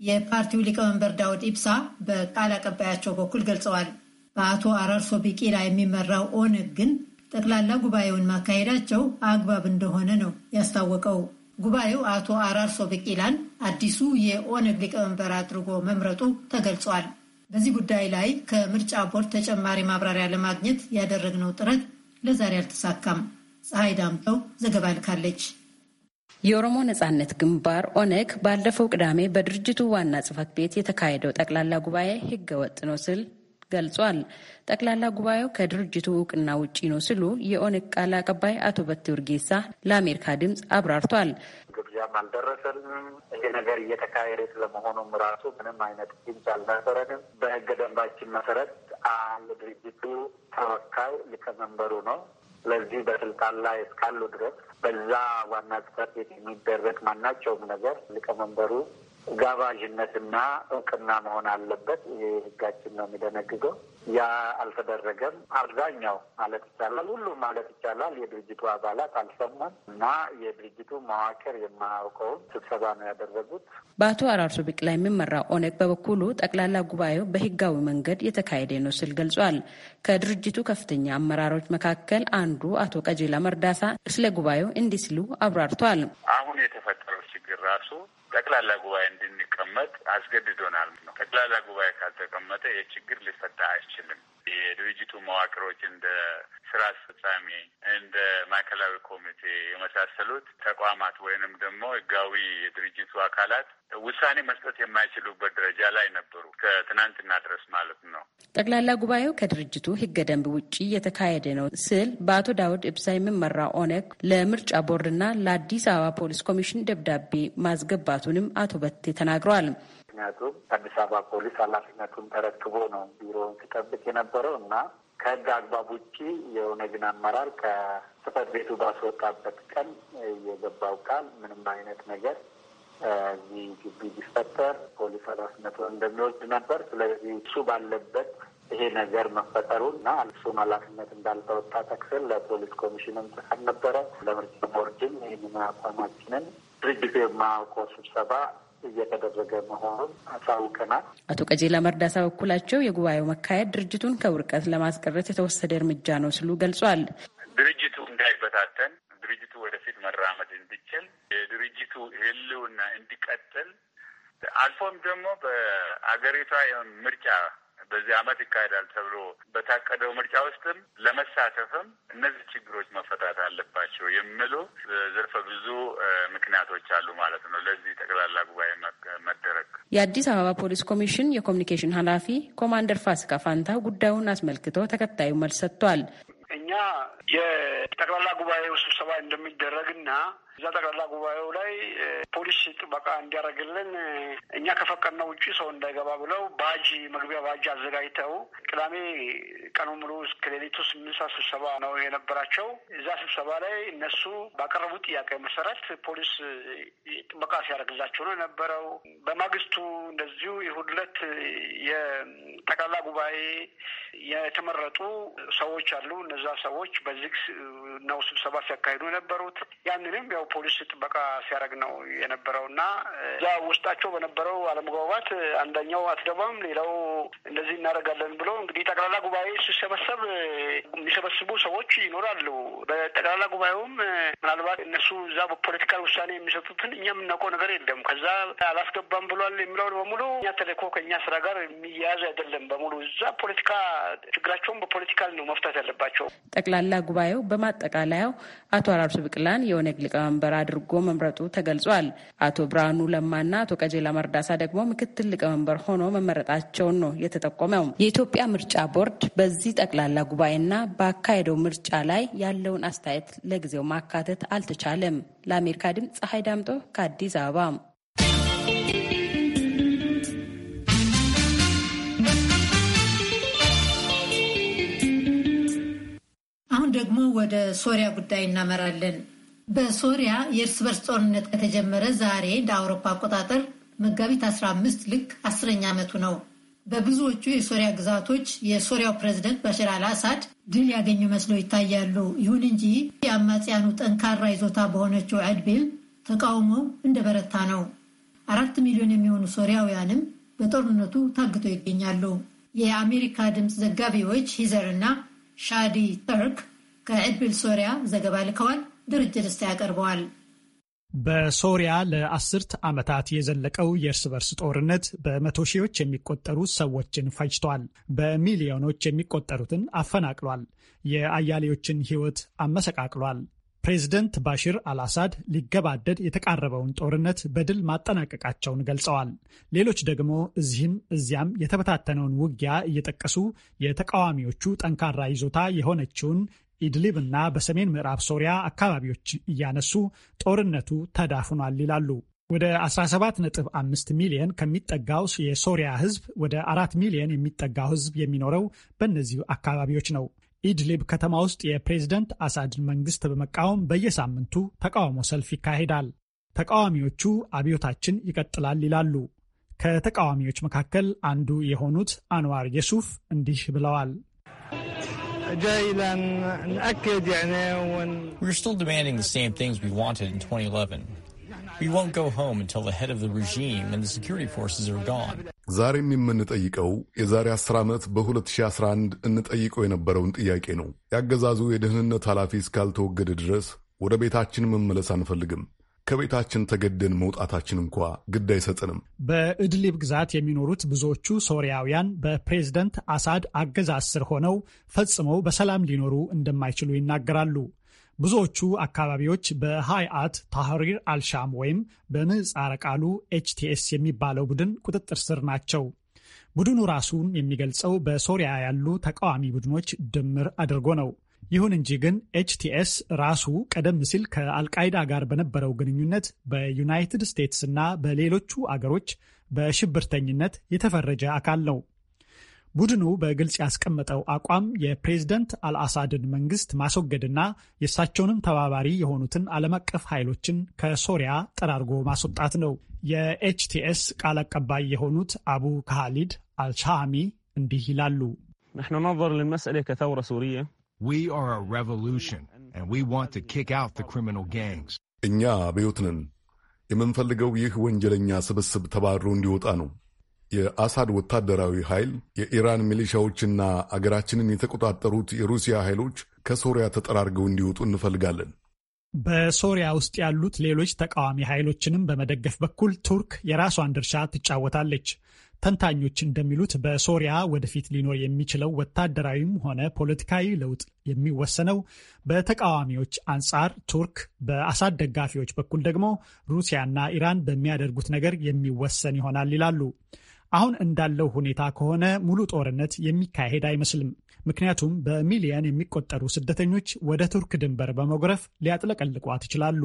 የፓርቲው ሊቀመንበር ዳውድ ኢብሳ በቃል አቀባያቸው በኩል ገልጸዋል። በአቶ አራርሶ ቢቂላ የሚመራው ኦነግ ግን ጠቅላላ ጉባኤውን ማካሄዳቸው አግባብ እንደሆነ ነው ያስታወቀው። ጉባኤው አቶ አራርሶ ቢቂላን አዲሱ የኦነግ ሊቀመንበር አድርጎ መምረጡ ተገልጿል። በዚህ ጉዳይ ላይ ከምርጫ ቦርድ ተጨማሪ ማብራሪያ ለማግኘት ያደረግነው ጥረት ለዛሬ አልተሳካም። ፀሐይ ዳምጠው ዘገባ ልካለች። የኦሮሞ ነጻነት ግንባር ኦነግ ባለፈው ቅዳሜ በድርጅቱ ዋና ጽህፈት ቤት የተካሄደው ጠቅላላ ጉባኤ ህገ ወጥ ነው ስል ገልጿል። ጠቅላላ ጉባኤው ከድርጅቱ እውቅና ውጪ ነው ሲሉ የኦነግ ቃል አቀባይ አቶ በቴ ኡርጌሳ ለአሜሪካ ድምፅ አብራርቷል። ግብዣም አልደረሰንም። ይህ ነገር እየተካሄደ ስለመሆኑም ራሱ ምንም አይነት ድምፅ አልነበረንም። በህገ ደንባችን መሰረት አንድ ድርጅቱ ተወካይ ሊቀመንበሩ ነው። ስለዚህ በስልጣን ላይ እስካሉ ድረስ በዛ ዋና ጽሕፈት ቤት የሚደረግ ማናቸውም ነገር ሊቀመንበሩ ጋባዥነትና እውቅና መሆን አለበት። ህጋችን ነው የሚደነግገው። ያ አልተደረገም። አብዛኛው ማለት ይቻላል ሁሉም ማለት ይቻላል የድርጅቱ አባላት አልሰማም እና የድርጅቱ መዋቅር የማያውቀውን ስብሰባ ነው ያደረጉት። በአቶ አራርሶ ቢቅላ የሚመራ ኦነግ በበኩሉ ጠቅላላ ጉባኤው በህጋዊ መንገድ የተካሄደ ነው ሲል ገልጿል። ከድርጅቱ ከፍተኛ አመራሮች መካከል አንዱ አቶ ቀጂላ መርዳሳ ስለ ጉባኤው እንዲህ ሲሉ አብራርቷል። አሁን ጠቅላላ ጉባኤ እንድንቀመጥ አስገድዶናል ነው። ጠቅላላ ጉባኤ ካልተቀመጠ ይህ ችግር ሊፈታ አይችልም። የድርጅቱ መዋቅሮች እንደ ስራ አስፈጻሚ፣ እንደ ማዕከላዊ ኮሚቴ የመሳሰሉት ተቋማት ወይንም ደግሞ ህጋዊ የድርጅቱ አካላት ውሳኔ መስጠት የማይችሉበት ደረጃ ላይ ነበሩ፣ ከትናንትና ድረስ ማለት ነው። ጠቅላላ ጉባኤው ከድርጅቱ ህገ ደንብ ውጭ የተካሄደ ነው ስል በአቶ ዳውድ እብሳ የሚመራ ኦነግ ለምርጫ ቦርድና ለአዲስ አበባ ፖሊስ ኮሚሽን ደብዳቤ ማስገባቱንም አቶ በቴ ተናግረዋል። ምክንያቱም አዲስ አበባ ፖሊስ ኃላፊነቱን ተረክቦ ነው ቢሮውን ሲጠብቅ የነበረው እና ከህግ አግባብ ውጭ የኦነግን አመራር ከጽህፈት ቤቱ ባስወጣበት ቀን የገባው ቃል ምንም አይነት ነገር እዚህ ግቢ ቢፈጠር ፖሊስ ኃላፊነቱን እንደሚወስድ ነበር። ስለዚህ እሱ ባለበት ይሄ ነገር መፈጠሩ እና እሱም ኃላፊነት እንዳልተወጣ ጠቅሰን ለፖሊስ ኮሚሽንም ጽፈን ነበረ። ለምርጫ ቦርድም ይህንን አቋማችንን ድርጅቱ የማያውቀው ስብሰባ እየተደረገ መሆኑን አሳውቀናል። አቶ ቀጀላ መርዳሳ በኩላቸው የጉባኤው መካሄድ ድርጅቱን ከውርቀት ለማስቀረት የተወሰደ እርምጃ ነው ሲሉ ገልጿል። ድርጅቱ እንዳይበታተን፣ ድርጅቱ ወደፊት መራመድ እንዲችል፣ የድርጅቱ ህልውና እንዲቀጥል አልፎም ደግሞ በአገሪቷ ምርጫ በዚህ ዓመት ይካሄዳል ተብሎ በታቀደው ምርጫ ውስጥም ለመሳተፍም እነዚህ ችግሮች መፈታት አለባቸው የሚሉ ዘርፈ ብዙ ምክንያቶች አሉ ማለት ነው። ለዚህ ጠቅላላ ጉባኤ መደረግ የአዲስ አበባ ፖሊስ ኮሚሽን የኮሚኒኬሽን ኃላፊ ኮማንደር ፋሲካ ፋንታ ጉዳዩን አስመልክቶ ተከታዩ መልስ ሰጥቷል። እኛ የጠቅላላ ጉባኤው ስብሰባ እንደሚደረግና እዛ ጠቅላላ ጉባኤው ላይ ፖሊስ ጥበቃ እንዲያደርግልን እኛ ከፈቀድነው ውጭ ሰው እንዳይገባ ብለው ባጅ መግቢያ ባጅ አዘጋጅተው ቅዳሜ ቀኑ ሙሉ እስከ ሌሊቱ ስምንት ሰዓት ስብሰባ ነው የነበራቸው። እዛ ስብሰባ ላይ እነሱ ባቀረቡ ጥያቄ መሰረት ፖሊስ ጥበቃ ሲያደርግላቸው ነው የነበረው። በማግስቱ እንደዚሁ እሑድ ዕለት የጠቅላላ ጉባኤ የተመረጡ ሰዎች አሉ። እነዛ ሰዎች በዚህ ነው ስብሰባ ሲያካሂዱ የነበሩት ያንንም ያው ፖሊስ ጥበቃ ሲያደርግ ነው የነበረው እና እዛ ውስጣቸው በነበረው አለመግባባት አንደኛው አትገባም፣ ሌላው እንደዚህ እናደርጋለን ብሎ እንግዲህ ጠቅላላ ጉባኤ ሲሰበሰብ የሚሰበስቡ ሰዎች ይኖራሉ። በጠቅላላ ጉባኤውም ምናልባት እነሱ እዛ በፖለቲካል ውሳኔ የሚሰጡትን እኛ የምናውቀው ነገር የለም። ከዛ አላስገባም ብሏል የሚለው በሙሉ እኛ ተልእኮ ከእኛ ስራ ጋር የሚያያዝ አይደለም። በሙሉ እዛ ፖለቲካ ችግራቸውን በፖለቲካል ነው መፍታት ያለባቸው። ጠቅላላ ጉባኤው በማጠቃለያው አቶ አራርሱ ብቅላን የኦነግ ሊቀመንበር ሊቀመንበር አድርጎ መምረጡ ተገልጿል። አቶ ብርሃኑ ለማና አቶ ቀጀላ መርዳሳ ደግሞ ምክትል ሊቀመንበር ሆኖ መመረጣቸውን ነው የተጠቆመው። የኢትዮጵያ ምርጫ ቦርድ በዚህ ጠቅላላ ጉባኤና በአካሄደው ምርጫ ላይ ያለውን አስተያየት ለጊዜው ማካተት አልተቻለም። ለአሜሪካ ድምፅ ፀሐይ ዳምጦ ከአዲስ አበባ። አሁን ደግሞ ወደ ሶሪያ ጉዳይ እናመራለን። በሶሪያ የእርስ በርስ ጦርነት ከተጀመረ ዛሬ እንደ አውሮፓ አቆጣጠር መጋቢት 15 ልክ አስረኛ ዓመቱ ነው። በብዙዎቹ የሶሪያ ግዛቶች የሶሪያው ፕሬዝደንት ባሻር አልአሳድ ድል ያገኙ መስለው ይታያሉ። ይሁን እንጂ የአማጽያኑ ጠንካራ ይዞታ በሆነችው ዕድቤል ተቃውሞው እንደበረታ ነው። አራት ሚሊዮን የሚሆኑ ሶሪያውያንም በጦርነቱ ታግተው ይገኛሉ። የአሜሪካ ድምፅ ዘጋቢዎች ሂዘር እና ሻዲ ተርክ ከዕድቤል ሶሪያ ዘገባ ልከዋል። ደረጀ ደስታ ያቀርበዋል። በሶሪያ ለአስርት ዓመታት የዘለቀው የእርስ በርስ ጦርነት በመቶ ሺዎች የሚቆጠሩ ሰዎችን ፈጅቷል፣ በሚሊዮኖች የሚቆጠሩትን አፈናቅሏል፣ የአያሌዎችን ሕይወት አመሰቃቅሏል። ፕሬዚደንት ባሽር አልአሳድ ሊገባደድ የተቃረበውን ጦርነት በድል ማጠናቀቃቸውን ገልጸዋል። ሌሎች ደግሞ እዚህም እዚያም የተበታተነውን ውጊያ እየጠቀሱ የተቃዋሚዎቹ ጠንካራ ይዞታ የሆነችውን ኢድሊብ እና በሰሜን ምዕራብ ሶሪያ አካባቢዎች እያነሱ ጦርነቱ ተዳፍኗል ይላሉ። ወደ 17.5 ሚሊዮን ከሚጠጋው የሶሪያ ህዝብ ወደ 4 ሚሊዮን የሚጠጋው ህዝብ የሚኖረው በእነዚህ አካባቢዎች ነው። ኢድሊብ ከተማ ውስጥ የፕሬዝደንት አሳድን መንግስት በመቃወም በየሳምንቱ ተቃውሞ ሰልፍ ይካሄዳል። ተቃዋሚዎቹ አብዮታችን ይቀጥላል ይላሉ። ከተቃዋሚዎች መካከል አንዱ የሆኑት አንዋር የሱፍ እንዲህ ብለዋል። We're still demanding the same things we wanted in 2011. We won't go home until the head of the regime and the security forces are gone. ዛሬም የምንጠይቀው የዛሬ 10 ዓመት በ2011 እንጠይቀው የነበረውን ጥያቄ ነው። ያገዛዙ የደህንነት ኃላፊ እስካልተወገደ ድረስ ወደ ቤታችን መመለስ አንፈልግም። ከቤታችን ተገደን መውጣታችን እንኳ ግድ አይሰጥንም። በእድሊብ ግዛት የሚኖሩት ብዙዎቹ ሶሪያውያን በፕሬዝደንት አሳድ አገዛዝ ስር ሆነው ፈጽመው በሰላም ሊኖሩ እንደማይችሉ ይናገራሉ። ብዙዎቹ አካባቢዎች በሃይአት ታህሪር አልሻም ወይም በምህጻረ ቃሉ ኤችቲኤስ የሚባለው ቡድን ቁጥጥር ስር ናቸው። ቡድኑ ራሱን የሚገልጸው በሶሪያ ያሉ ተቃዋሚ ቡድኖች ድምር አድርጎ ነው። ይሁን እንጂ ግን ኤችቲኤስ ራሱ ቀደም ሲል ከአልቃይዳ ጋር በነበረው ግንኙነት በዩናይትድ ስቴትስ እና በሌሎቹ አገሮች በሽብርተኝነት የተፈረጀ አካል ነው። ቡድኑ በግልጽ ያስቀመጠው አቋም የፕሬዝደንት አልአሳድን መንግስት ማስወገድና የእሳቸውንም ተባባሪ የሆኑትን ዓለም አቀፍ ኃይሎችን ከሶሪያ ጠራርጎ ማስወጣት ነው። የኤችቲኤስ ቃል አቀባይ የሆኑት አቡ ካሊድ አልሻሚ እንዲህ ይላሉ ናሕኑ ከተውረ We are a revolution, and we want to kick out the criminal gangs. እኛ አብዮት ነን። የምንፈልገው ይህ ወንጀለኛ ስብስብ ተባሮ እንዲወጣ ነው። የአሳድ ወታደራዊ ኃይል፣ የኢራን ሚሊሻዎችና አገራችንን የተቆጣጠሩት የሩሲያ ኃይሎች ከሶሪያ ተጠራርገው እንዲወጡ እንፈልጋለን። በሶሪያ ውስጥ ያሉት ሌሎች ተቃዋሚ ኃይሎችንም በመደገፍ በኩል ቱርክ የራሷን ድርሻ ትጫወታለች። ተንታኞች እንደሚሉት በሶሪያ ወደፊት ሊኖር የሚችለው ወታደራዊም ሆነ ፖለቲካዊ ለውጥ የሚወሰነው በተቃዋሚዎች አንጻር ቱርክ፣ በአሳድ ደጋፊዎች በኩል ደግሞ ሩሲያና ኢራን በሚያደርጉት ነገር የሚወሰን ይሆናል ይላሉ። አሁን እንዳለው ሁኔታ ከሆነ ሙሉ ጦርነት የሚካሄድ አይመስልም። ምክንያቱም በሚሊየን የሚቆጠሩ ስደተኞች ወደ ቱርክ ድንበር በመጉረፍ ሊያጥለቀልቋት ይችላሉ።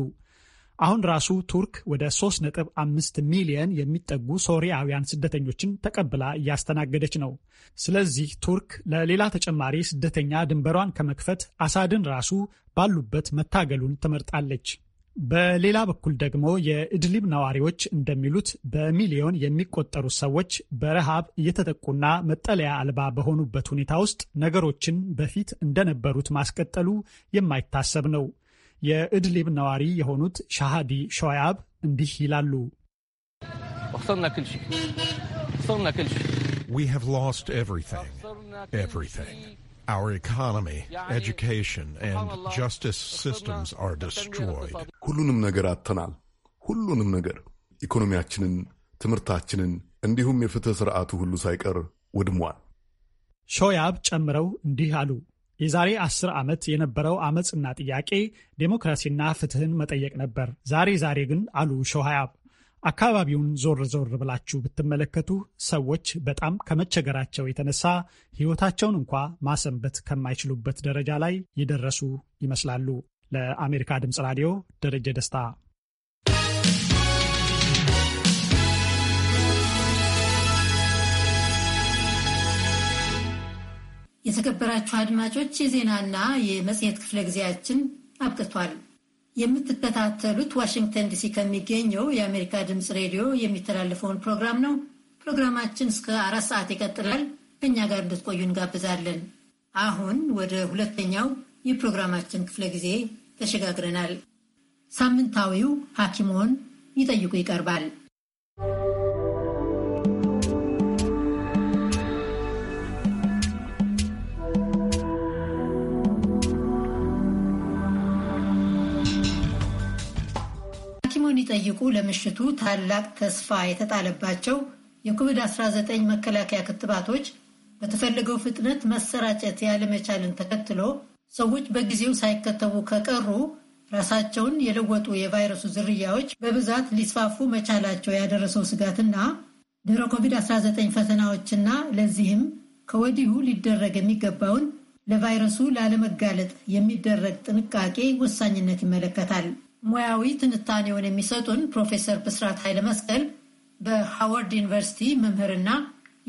አሁን ራሱ ቱርክ ወደ 3.5 ሚሊየን የሚጠጉ ሶሪያውያን ስደተኞችን ተቀብላ እያስተናገደች ነው። ስለዚህ ቱርክ ለሌላ ተጨማሪ ስደተኛ ድንበሯን ከመክፈት አሳድን ራሱ ባሉበት መታገሉን ትመርጣለች። በሌላ በኩል ደግሞ የኢድሊብ ነዋሪዎች እንደሚሉት በሚሊዮን የሚቆጠሩት ሰዎች በረሃብ እየተጠቁና መጠለያ አልባ በሆኑበት ሁኔታ ውስጥ ነገሮችን በፊት እንደነበሩት ማስቀጠሉ የማይታሰብ ነው። የእድሊብ ነዋሪ የሆኑት ሻሃዲ ሸዋያብ እንዲህ ይላሉ። We have lost everything, everything. Our economy, education, and justice systems are destroyed. ሁሉንም ነገር አጥተናል። ሁሉንም ነገር ኢኮኖሚያችንን፣ ትምህርታችንን እንዲሁም የፍትህ ስርዓቱ ሁሉ ሳይቀር ወድሟል። ሾያብ ጨምረው እንዲህ አሉ። የዛሬ አስር ዓመት የነበረው አመፅና ጥያቄ ዴሞክራሲና ፍትህን መጠየቅ ነበር። ዛሬ ዛሬ ግን አሉ ሾሃያብ አካባቢውን ዞር ዞር ብላችሁ ብትመለከቱ ሰዎች በጣም ከመቸገራቸው የተነሳ ህይወታቸውን እንኳ ማሰንበት ከማይችሉበት ደረጃ ላይ የደረሱ ይመስላሉ። ለአሜሪካ ድምፅ ራዲዮ ደረጀ ደስታ የተከበራችሁ አድማጮች የዜናና የመጽሔት ክፍለ ጊዜያችን አብቅቷል። የምትከታተሉት ዋሽንግተን ዲሲ ከሚገኘው የአሜሪካ ድምፅ ሬዲዮ የሚተላለፈውን ፕሮግራም ነው። ፕሮግራማችን እስከ አራት ሰዓት ይቀጥላል። ከእኛ ጋር እንድትቆዩ እንጋብዛለን። አሁን ወደ ሁለተኛው የፕሮግራማችን ክፍለ ጊዜ ተሸጋግረናል። ሳምንታዊው ሐኪሞን ይጠይቁ ይቀርባል። እንዲጠይቁ ለምሽቱ ታላቅ ተስፋ የተጣለባቸው የኮቪድ-19 መከላከያ ክትባቶች በተፈለገው ፍጥነት መሰራጨት ያለመቻልን ተከትሎ ሰዎች በጊዜው ሳይከተቡ ከቀሩ ራሳቸውን የለወጡ የቫይረሱ ዝርያዎች በብዛት ሊስፋፉ መቻላቸው ያደረሰው ስጋትና ድረ ኮቪድ-19 ፈተናዎችና ለዚህም ከወዲሁ ሊደረግ የሚገባውን ለቫይረሱ ላለመጋለጥ የሚደረግ ጥንቃቄ ወሳኝነት ይመለከታል። ሙያዊ ትንታኔውን የሚሰጡን ፕሮፌሰር ብስራት ኃይለ መስቀል በሃዋርድ ዩኒቨርሲቲ መምህርና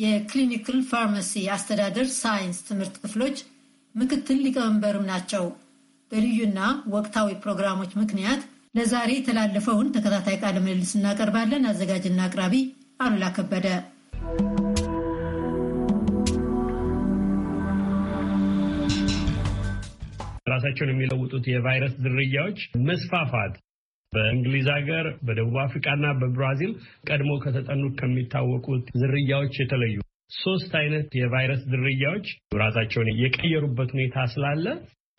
የክሊኒካል ፋርማሲ አስተዳደር ሳይንስ ትምህርት ክፍሎች ምክትል ሊቀመንበርም ናቸው። በልዩና ወቅታዊ ፕሮግራሞች ምክንያት ለዛሬ የተላለፈውን ተከታታይ ቃለ ምልልስ እናቀርባለን። አዘጋጅና አቅራቢ አሉላ ከበደ ራሳቸውን የሚለውጡት የቫይረስ ዝርያዎች መስፋፋት በእንግሊዝ ሀገር በደቡብ አፍሪካና በብራዚል ቀድሞ ከተጠኑ ከሚታወቁት ዝርያዎች የተለዩ ሶስት አይነት የቫይረስ ዝርያዎች ራሳቸውን የቀየሩበት ሁኔታ ስላለ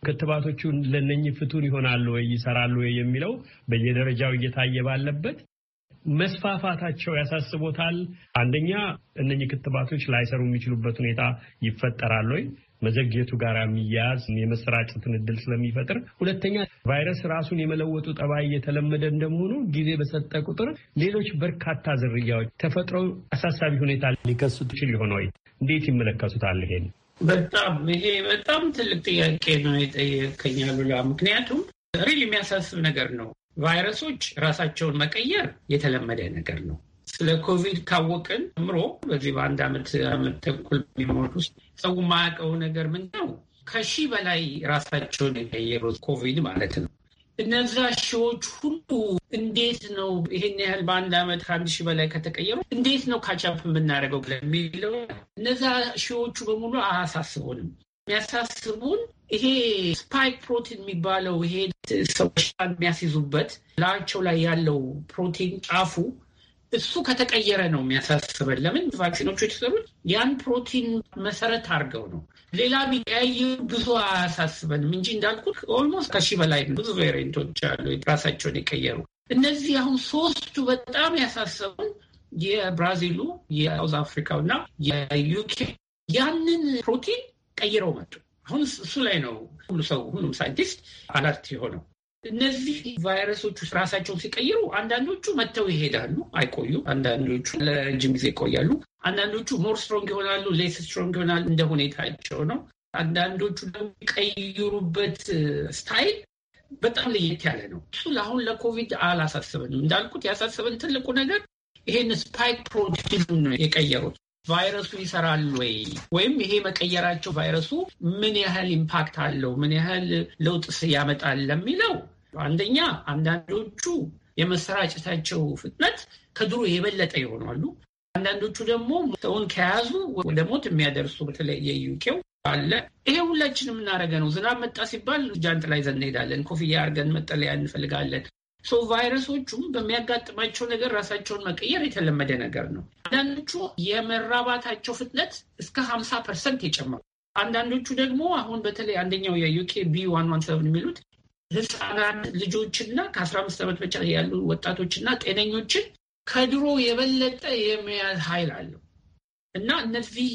ክትባቶቹን ለነኚህ ፍቱን ይሆናሉ ወይ ይሰራሉ ወይ የሚለው በየደረጃው እየታየ ባለበት መስፋፋታቸው ያሳስቦታል። አንደኛ እነኚህ ክትባቶች ላይሰሩ የሚችሉበት ሁኔታ ይፈጠራል ወይ? መዘግየቱ ጋር የሚያያዝ የመሰራጨትን እድል ስለሚፈጥር፣ ሁለተኛ ቫይረስ ራሱን የመለወጡ ጠባይ እየተለመደ እንደመሆኑ ጊዜ በሰጠ ቁጥር ሌሎች በርካታ ዝርያዎች ተፈጥሮ አሳሳቢ ሁኔታ ሊከስቱ ይችል ይሆን ወይ? እንዴት ይመለከቱታል? ይሄን በጣም ይሄ በጣም ትልቅ ጥያቄ ነው የጠየቀኝ አሉላ። ምክንያቱም ሪል የሚያሳስብ ነገር ነው። ቫይረሶች ራሳቸውን መቀየር የተለመደ ነገር ነው። ስለ ኮቪድ ካወቅን ጀምሮ በዚህ በአንድ አመት አመት ተኩል የሚሞት ውስጥ ሰው ማያውቀው ነገር ምን ነው? ከሺህ በላይ ራሳቸውን የቀየሩት ኮቪድ ማለት ነው። እነዛ ሺዎች ሁሉ እንዴት ነው ይህን ያህል በአንድ ዓመት ከአንድ ሺህ በላይ ከተቀየሩ እንዴት ነው ካቻፕ የምናደርገው ለሚለው እነዛ ሺዎቹ በሙሉ አያሳስቡንም። የሚያሳስቡን ይሄ ስፓይክ ፕሮቲን የሚባለው ይሄ ሰዎች የሚያስይዙበት ላቸው ላይ ያለው ፕሮቲን ጫፉ እሱ ከተቀየረ ነው የሚያሳስበን። ለምን ቫክሲኖቹ የተሰሩት ያን ፕሮቲን መሰረት አድርገው ነው። ሌላ ቢቀያይ ብዙ አያሳስበንም እንጂ እንዳልኩት ኦልሞስት ከሺህ በላይ ብዙ ቬሬንቶች አሉ ራሳቸውን የቀየሩ። እነዚህ አሁን ሶስቱ በጣም ያሳሰቡን የብራዚሉ፣ የሳውዝ አፍሪካው እና የዩኬ ያንን ፕሮቲን ቀይረው መጡ። አሁን እሱ ላይ ነው ሁሉ ሰው ሁሉም ሳይንቲስት አላርት የሆነው። እነዚህ ቫይረሶቹ ራሳቸውን ሲቀይሩ አንዳንዶቹ መጥተው ይሄዳሉ፣ አይቆዩም። አንዳንዶቹ ለረጅም ጊዜ ይቆያሉ። አንዳንዶቹ ሞር ስትሮንግ ይሆናሉ፣ ሌስ ስትሮንግ ይሆናሉ። እንደ ሁኔታቸው ነው። አንዳንዶቹ ደግሞ የሚቀይሩበት ስታይል በጣም ለየት ያለ ነው። እሱ አሁን ለኮቪድ አላሳስበንም። እንዳልኩት ያሳስበን ትልቁ ነገር ይሄን ስፓይክ ፕሮቲን ነው የቀየሩት። ቫይረሱ ይሰራል ወይ ወይም ይሄ መቀየራቸው ቫይረሱ ምን ያህል ኢምፓክት አለው፣ ምን ያህል ለውጥስ ያመጣል ለሚለው አንደኛ አንዳንዶቹ የመሰራጨታቸው ፍጥነት ከድሮ የበለጠ ይሆናሉ። አንዳንዶቹ ደግሞ ሰውን ከያዙ ወደ ሞት የሚያደርሱ በተለይ የዩኬው አለ። ይሄ ሁላችንም እናደርገ ነው። ዝናብ መጣ ሲባል ጃንጥላ ይዘን እንሄዳለን። ኮፍያ አድርገን መጠለያ እንፈልጋለን። ሰው ቫይረሶቹ በሚያጋጥማቸው ነገር ራሳቸውን መቀየር የተለመደ ነገር ነው። አንዳንዶቹ የመራባታቸው ፍጥነት እስከ ሀምሳ ፐርሰንት የጨመሩ አንዳንዶቹ ደግሞ አሁን በተለይ አንደኛው የዩኬ ቢ ዋን ዋን ሰቨን የሚሉት ህፃናት ልጆችና ከአስራ አምስት ዓመት በቻ ያሉ ወጣቶችና ጤነኞችን ከድሮ የበለጠ የመያዝ ኃይል አለው እና እነዚህ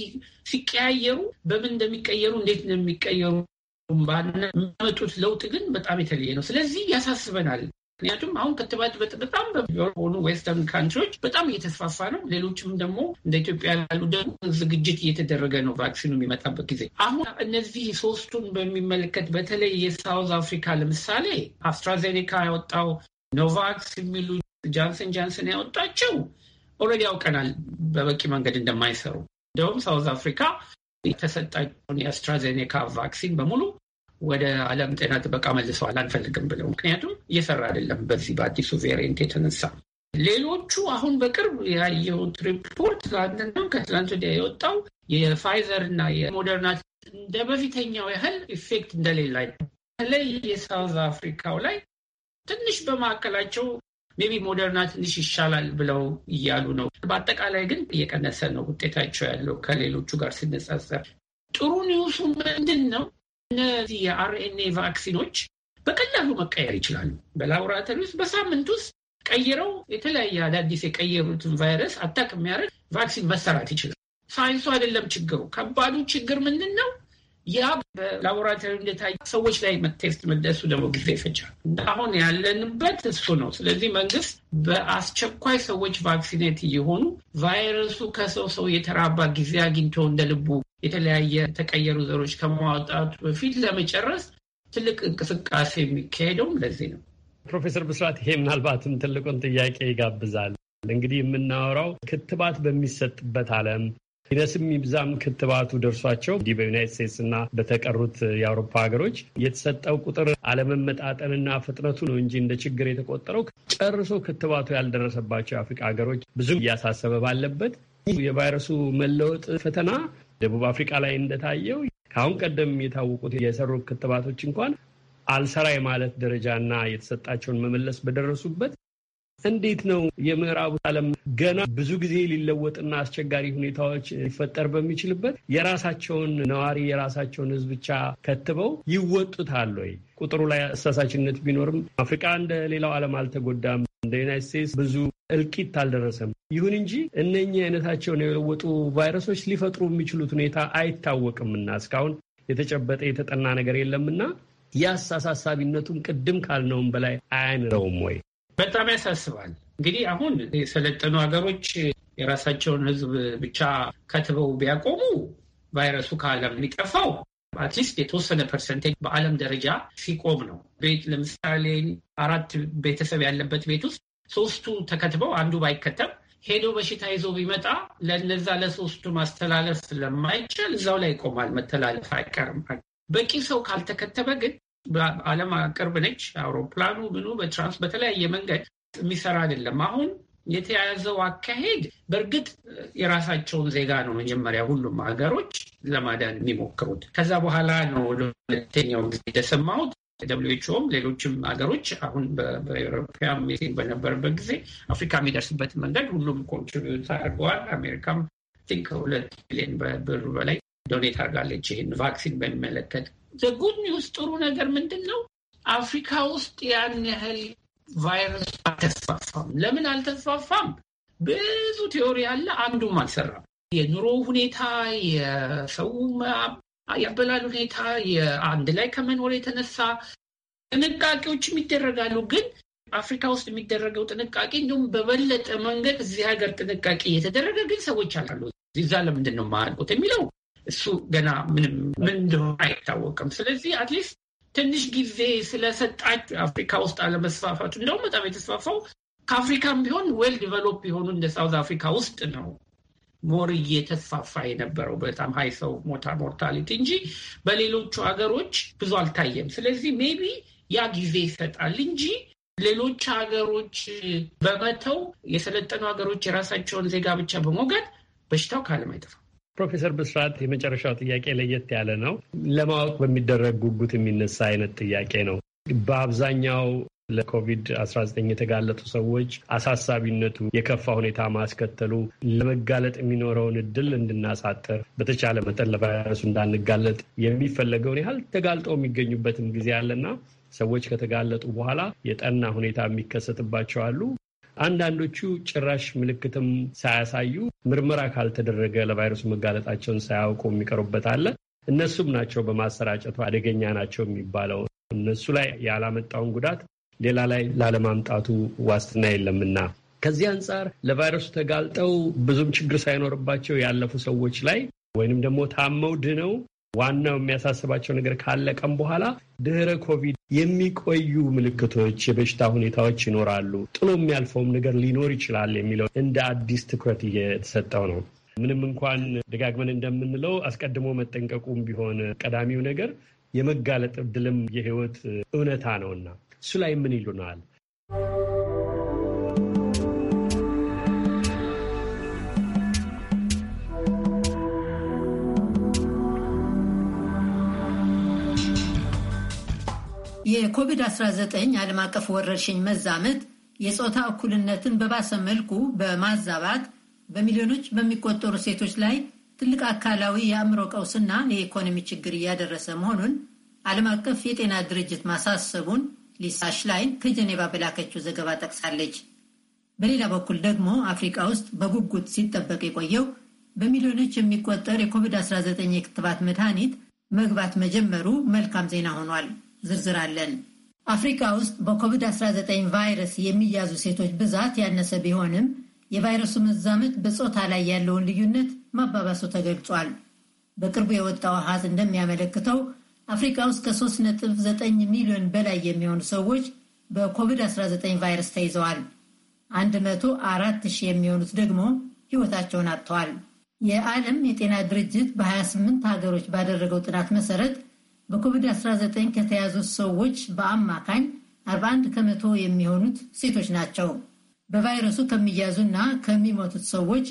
ሲቀያየሩ በምን እንደሚቀየሩ እንዴት እንደሚቀየሩ የሚያመጡት ለውጥ ግን በጣም የተለየ ነው። ስለዚህ ያሳስበናል። ምክንያቱም አሁን ክትባት በጣም በሆኑ ዌስተርን ካንትሪዎች በጣም እየተስፋፋ ነው። ሌሎችም ደግሞ እንደ ኢትዮጵያ ያሉ ደግሞ ዝግጅት እየተደረገ ነው ቫክሲኑ የሚመጣበት ጊዜ። አሁን እነዚህ ሶስቱን በሚመለከት በተለይ የሳውዝ አፍሪካ ለምሳሌ አስትራዜኔካ ያወጣው፣ ኖቫክስ የሚሉ ጃንሰን ጃንሰን ያወጣቸው ኦልሬዲ ያውቀናል በበቂ መንገድ እንደማይሰሩ እንደውም ሳውዝ አፍሪካ የተሰጣቸውን የአስትራዜኔካ ቫክሲን በሙሉ ወደ ዓለም ጤና ጥበቃ መልሰዋል አንፈልግም ብለው። ምክንያቱም እየሰራ አይደለም በዚህ በአዲሱ ቬሪንት የተነሳ። ሌሎቹ አሁን በቅርብ ያየሁት ሪፖርት ትናንትና ከትናንት ወዲያ የወጣው የፋይዘር እና የሞደርና እንደ በፊተኛው ያህል ኢፌክት እንደሌላ በተለይ የሳውዝ አፍሪካው ላይ ትንሽ በማዕከላቸው ሜቢ ሞደርና ትንሽ ይሻላል ብለው እያሉ ነው። በአጠቃላይ ግን እየቀነሰ ነው ውጤታቸው ያለው ከሌሎቹ ጋር ሲነጻጸር። ጥሩ ኒውሱ ምንድን ነው? እነዚህ የአርኤንኤ ቫክሲኖች በቀላሉ መቀየር ይችላሉ። በላቦራተሪ ውስጥ በሳምንት ውስጥ ቀይረው የተለያየ አዳዲስ የቀየሩትን ቫይረስ አታቅ የሚያደርግ ቫክሲን መሰራት ይችላል። ሳይንሱ አይደለም ችግሩ። ከባዱ ችግር ምንድን ነው? ያ በላቦራቶሪ እንደታየ ሰዎች ላይ ቴስት መደሱ ደግሞ ጊዜ ይፈጃል። አሁን ያለንበት እሱ ነው። ስለዚህ መንግስት በአስቸኳይ ሰዎች ቫክሲኔት እየሆኑ ቫይረሱ ከሰው ሰው የተራባ ጊዜ አግኝቶ እንደ ልቡ የተለያየ የተቀየሩ ዘሮች ከማውጣቱ በፊት ለመጨረስ ትልቅ እንቅስቃሴ የሚካሄደውም ለዚህ ነው። ፕሮፌሰር ብስራት ይሄ ምናልባትም ትልቁን ጥያቄ ይጋብዛል። እንግዲህ የምናወራው ክትባት በሚሰጥበት ዓለም ይነስም ይብዛም ክትባቱ ደርሷቸው እንዲህ በዩናይት ስቴትስ እና በተቀሩት የአውሮፓ ሀገሮች የተሰጠው ቁጥር አለመመጣጠንና ፍጥነቱ ነው እንጂ እንደ ችግር የተቆጠረው ጨርሶ ክትባቱ ያልደረሰባቸው የአፍሪካ ሀገሮች ብዙም እያሳሰበ ባለበት የቫይረሱ መለወጥ ፈተና ደቡብ አፍሪካ ላይ እንደታየው ከአሁን ቀደም የታወቁት የሰሩ ክትባቶች እንኳን አልሰራ የማለት ደረጃና የተሰጣቸውን መመለስ በደረሱበት እንዴት ነው የምዕራቡ ዓለም ገና ብዙ ጊዜ ሊለወጥና አስቸጋሪ ሁኔታዎች ሊፈጠር በሚችልበት የራሳቸውን ነዋሪ የራሳቸውን ሕዝብ ብቻ ከትበው ይወጡታል ወይ? ቁጥሩ ላይ አሳሳችነት ቢኖርም አፍሪቃ እንደ ሌላው ዓለም አልተጎዳም። እንደ ዩናይት ስቴትስ ብዙ እልቂት አልደረሰም። ይሁን እንጂ እነኚህ አይነታቸውን የለወጡ ቫይረሶች ሊፈጥሩ የሚችሉት ሁኔታ አይታወቅምና እስካሁን የተጨበጠ የተጠና ነገር የለምና ያስ አሳሳቢነቱን ቅድም ካልነውም በላይ አያንረውም ወይ? በጣም ያሳስባል። እንግዲህ አሁን የሰለጠኑ ሀገሮች የራሳቸውን ሕዝብ ብቻ ከትበው ቢያቆሙ ቫይረሱ ከዓለም የሚጠፋው አትሊስት የተወሰነ ፐርሰንቴጅ በዓለም ደረጃ ሲቆም ነው። ቤት ለምሳሌ አራት ቤተሰብ ያለበት ቤት ውስጥ ሶስቱ ተከትበው አንዱ ባይከተብ ሄዶ በሽታ ይዞ ቢመጣ ለነዛ ለሶስቱ ማስተላለፍ ስለማይችል እዛው ላይ ይቆማል። መተላለፍ አይቀርም። በቂ ሰው ካልተከተበ ግን በዓለም ቅርብ ነች። አውሮፕላኑ ምኑ በትራንስ በተለያየ መንገድ የሚሰራ አይደለም። አሁን የተያዘው አካሄድ በእርግጥ የራሳቸውን ዜጋ ነው መጀመሪያ ሁሉም ሀገሮች ለማዳን የሚሞክሩት። ከዛ በኋላ ነው ሁለተኛው ጊዜ እንደሰማሁት ደብሊው ኦም ሌሎችም ሀገሮች አሁን በኤሮፓያን ሚቲንግ በነበረበት ጊዜ አፍሪካ የሚደርስበት መንገድ ሁሉም ኮንትሪቢዩት አድርገዋል። አሜሪካም ቲንክ ሁለት ሚሊዮን ብር በላይ ዶኔት አድርጋለች ይህን ቫክሲን በሚመለከት። ዘጉድ ኒውስ ጥሩ ነገር ምንድን ነው? አፍሪካ ውስጥ ያን ያህል ቫይረስ አልተስፋፋም። ለምን አልተስፋፋም? ብዙ ቴዎሪ አለ፣ አንዱም አልሰራም። የኑሮ ሁኔታ የሰው የአበላል ሁኔታ የአንድ ላይ ከመኖር የተነሳ ጥንቃቄዎችም ይደረጋሉ። ግን አፍሪካ ውስጥ የሚደረገው ጥንቃቄ እንዲሁም በበለጠ መንገድ እዚህ ሀገር ጥንቃቄ እየተደረገ ግን ሰዎች አላሉ እዛ ለምንድን ነው የማያውቁት የሚለው እሱ ገና ምንም ምን እንደሆነ አይታወቅም። ስለዚህ አትሊስት ትንሽ ጊዜ ስለሰጣች አፍሪካ ውስጥ አለመስፋፋቱ እንደውም በጣም የተስፋፋው ከአፍሪካም ቢሆን ዌል ዲቨሎፕ የሆኑ እንደ ሳውዝ አፍሪካ ውስጥ ነው ሞር እየተስፋፋ የነበረው በጣም ሀይ ሰው ሞታ ሞርታሊቲ እንጂ በሌሎቹ ሀገሮች ብዙ አልታየም። ስለዚህ ሜቢ ያ ጊዜ ይሰጣል እንጂ ሌሎች ሀገሮች በመተው የሰለጠኑ ሀገሮች የራሳቸውን ዜጋ ብቻ በሞገድ በሽታው ካለም አይጠፋም። ፕሮፌሰር ብስራት የመጨረሻው ጥያቄ ለየት ያለ ነው። ለማወቅ በሚደረግ ጉጉት የሚነሳ አይነት ጥያቄ ነው። በአብዛኛው ለኮቪድ-19 የተጋለጡ ሰዎች አሳሳቢነቱ የከፋ ሁኔታ ማስከተሉ ለመጋለጥ የሚኖረውን እድል እንድናሳጥር በተቻለ መጠን ለቫይረሱ እንዳንጋለጥ የሚፈለገውን ያህል ተጋልጠው የሚገኙበትም ጊዜ አለና ሰዎች ከተጋለጡ በኋላ የጠና ሁኔታ የሚከሰትባቸው አሉ። አንዳንዶቹ ጭራሽ ምልክትም ሳያሳዩ ምርመራ ካልተደረገ ለቫይረሱ መጋለጣቸውን ሳያውቁ የሚቀሩበት አለ። እነሱም ናቸው በማሰራጨቱ አደገኛ ናቸው የሚባለው እነሱ ላይ ያላመጣውን ጉዳት ሌላ ላይ ላለማምጣቱ ዋስትና የለምና ከዚህ አንጻር ለቫይረሱ ተጋልጠው ብዙም ችግር ሳይኖርባቸው ያለፉ ሰዎች ላይ ወይንም ደግሞ ታመው ድነው ዋናው የሚያሳስባቸው ነገር ካለቀም በኋላ ድህረ ኮቪድ የሚቆዩ ምልክቶች፣ የበሽታ ሁኔታዎች ይኖራሉ፣ ጥሎ የሚያልፈውም ነገር ሊኖር ይችላል የሚለው እንደ አዲስ ትኩረት እየተሰጠው ነው። ምንም እንኳን ደጋግመን እንደምንለው አስቀድሞ መጠንቀቁም ቢሆን ቀዳሚው ነገር የመጋለጥ እድልም የህይወት እውነታ ነውና እሱ ላይ ምን ይሉናል? የኮቪድ-19 ዓለም አቀፍ ወረርሽኝ መዛመት የፆታ እኩልነትን በባሰ መልኩ በማዛባት በሚሊዮኖች በሚቆጠሩ ሴቶች ላይ ትልቅ አካላዊ የአእምሮ ቀውስና የኢኮኖሚ ችግር እያደረሰ መሆኑን ዓለም አቀፍ የጤና ድርጅት ማሳሰቡን ሊሳ ሽላይን ከጀኔቫ በላከችው ዘገባ ጠቅሳለች። በሌላ በኩል ደግሞ አፍሪካ ውስጥ በጉጉት ሲጠበቅ የቆየው በሚሊዮኖች የሚቆጠር የኮቪድ-19 የክትባት መድኃኒት መግባት መጀመሩ መልካም ዜና ሆኗል። ዝርዝር አለን። አፍሪካ ውስጥ በኮቪድ-19 ቫይረስ የሚያዙ ሴቶች ብዛት ያነሰ ቢሆንም የቫይረሱ መዛመት በጾታ ላይ ያለውን ልዩነት ማባባሱ ተገልጿል። በቅርቡ የወጣው አሃዝ እንደሚያመለክተው አፍሪካ ውስጥ ከ ዘጠኝ ሚሊዮን በላይ የሚሆኑ ሰዎች በኮቪድ-19 ቫይረስ ተይዘዋል። አንድ አራት ሺህ የሚሆኑት ደግሞ ሕይወታቸውን አጥተዋል። የዓለም የጤና ድርጅት በ28 ሀገሮች ባደረገው ጥናት መሰረት በኮቪድ-19 ከተያዙት ሰዎች በአማካኝ 41 ከመቶ የሚሆኑት ሴቶች ናቸው። በቫይረሱ ከሚያዙና ከሚሞቱት ሰዎች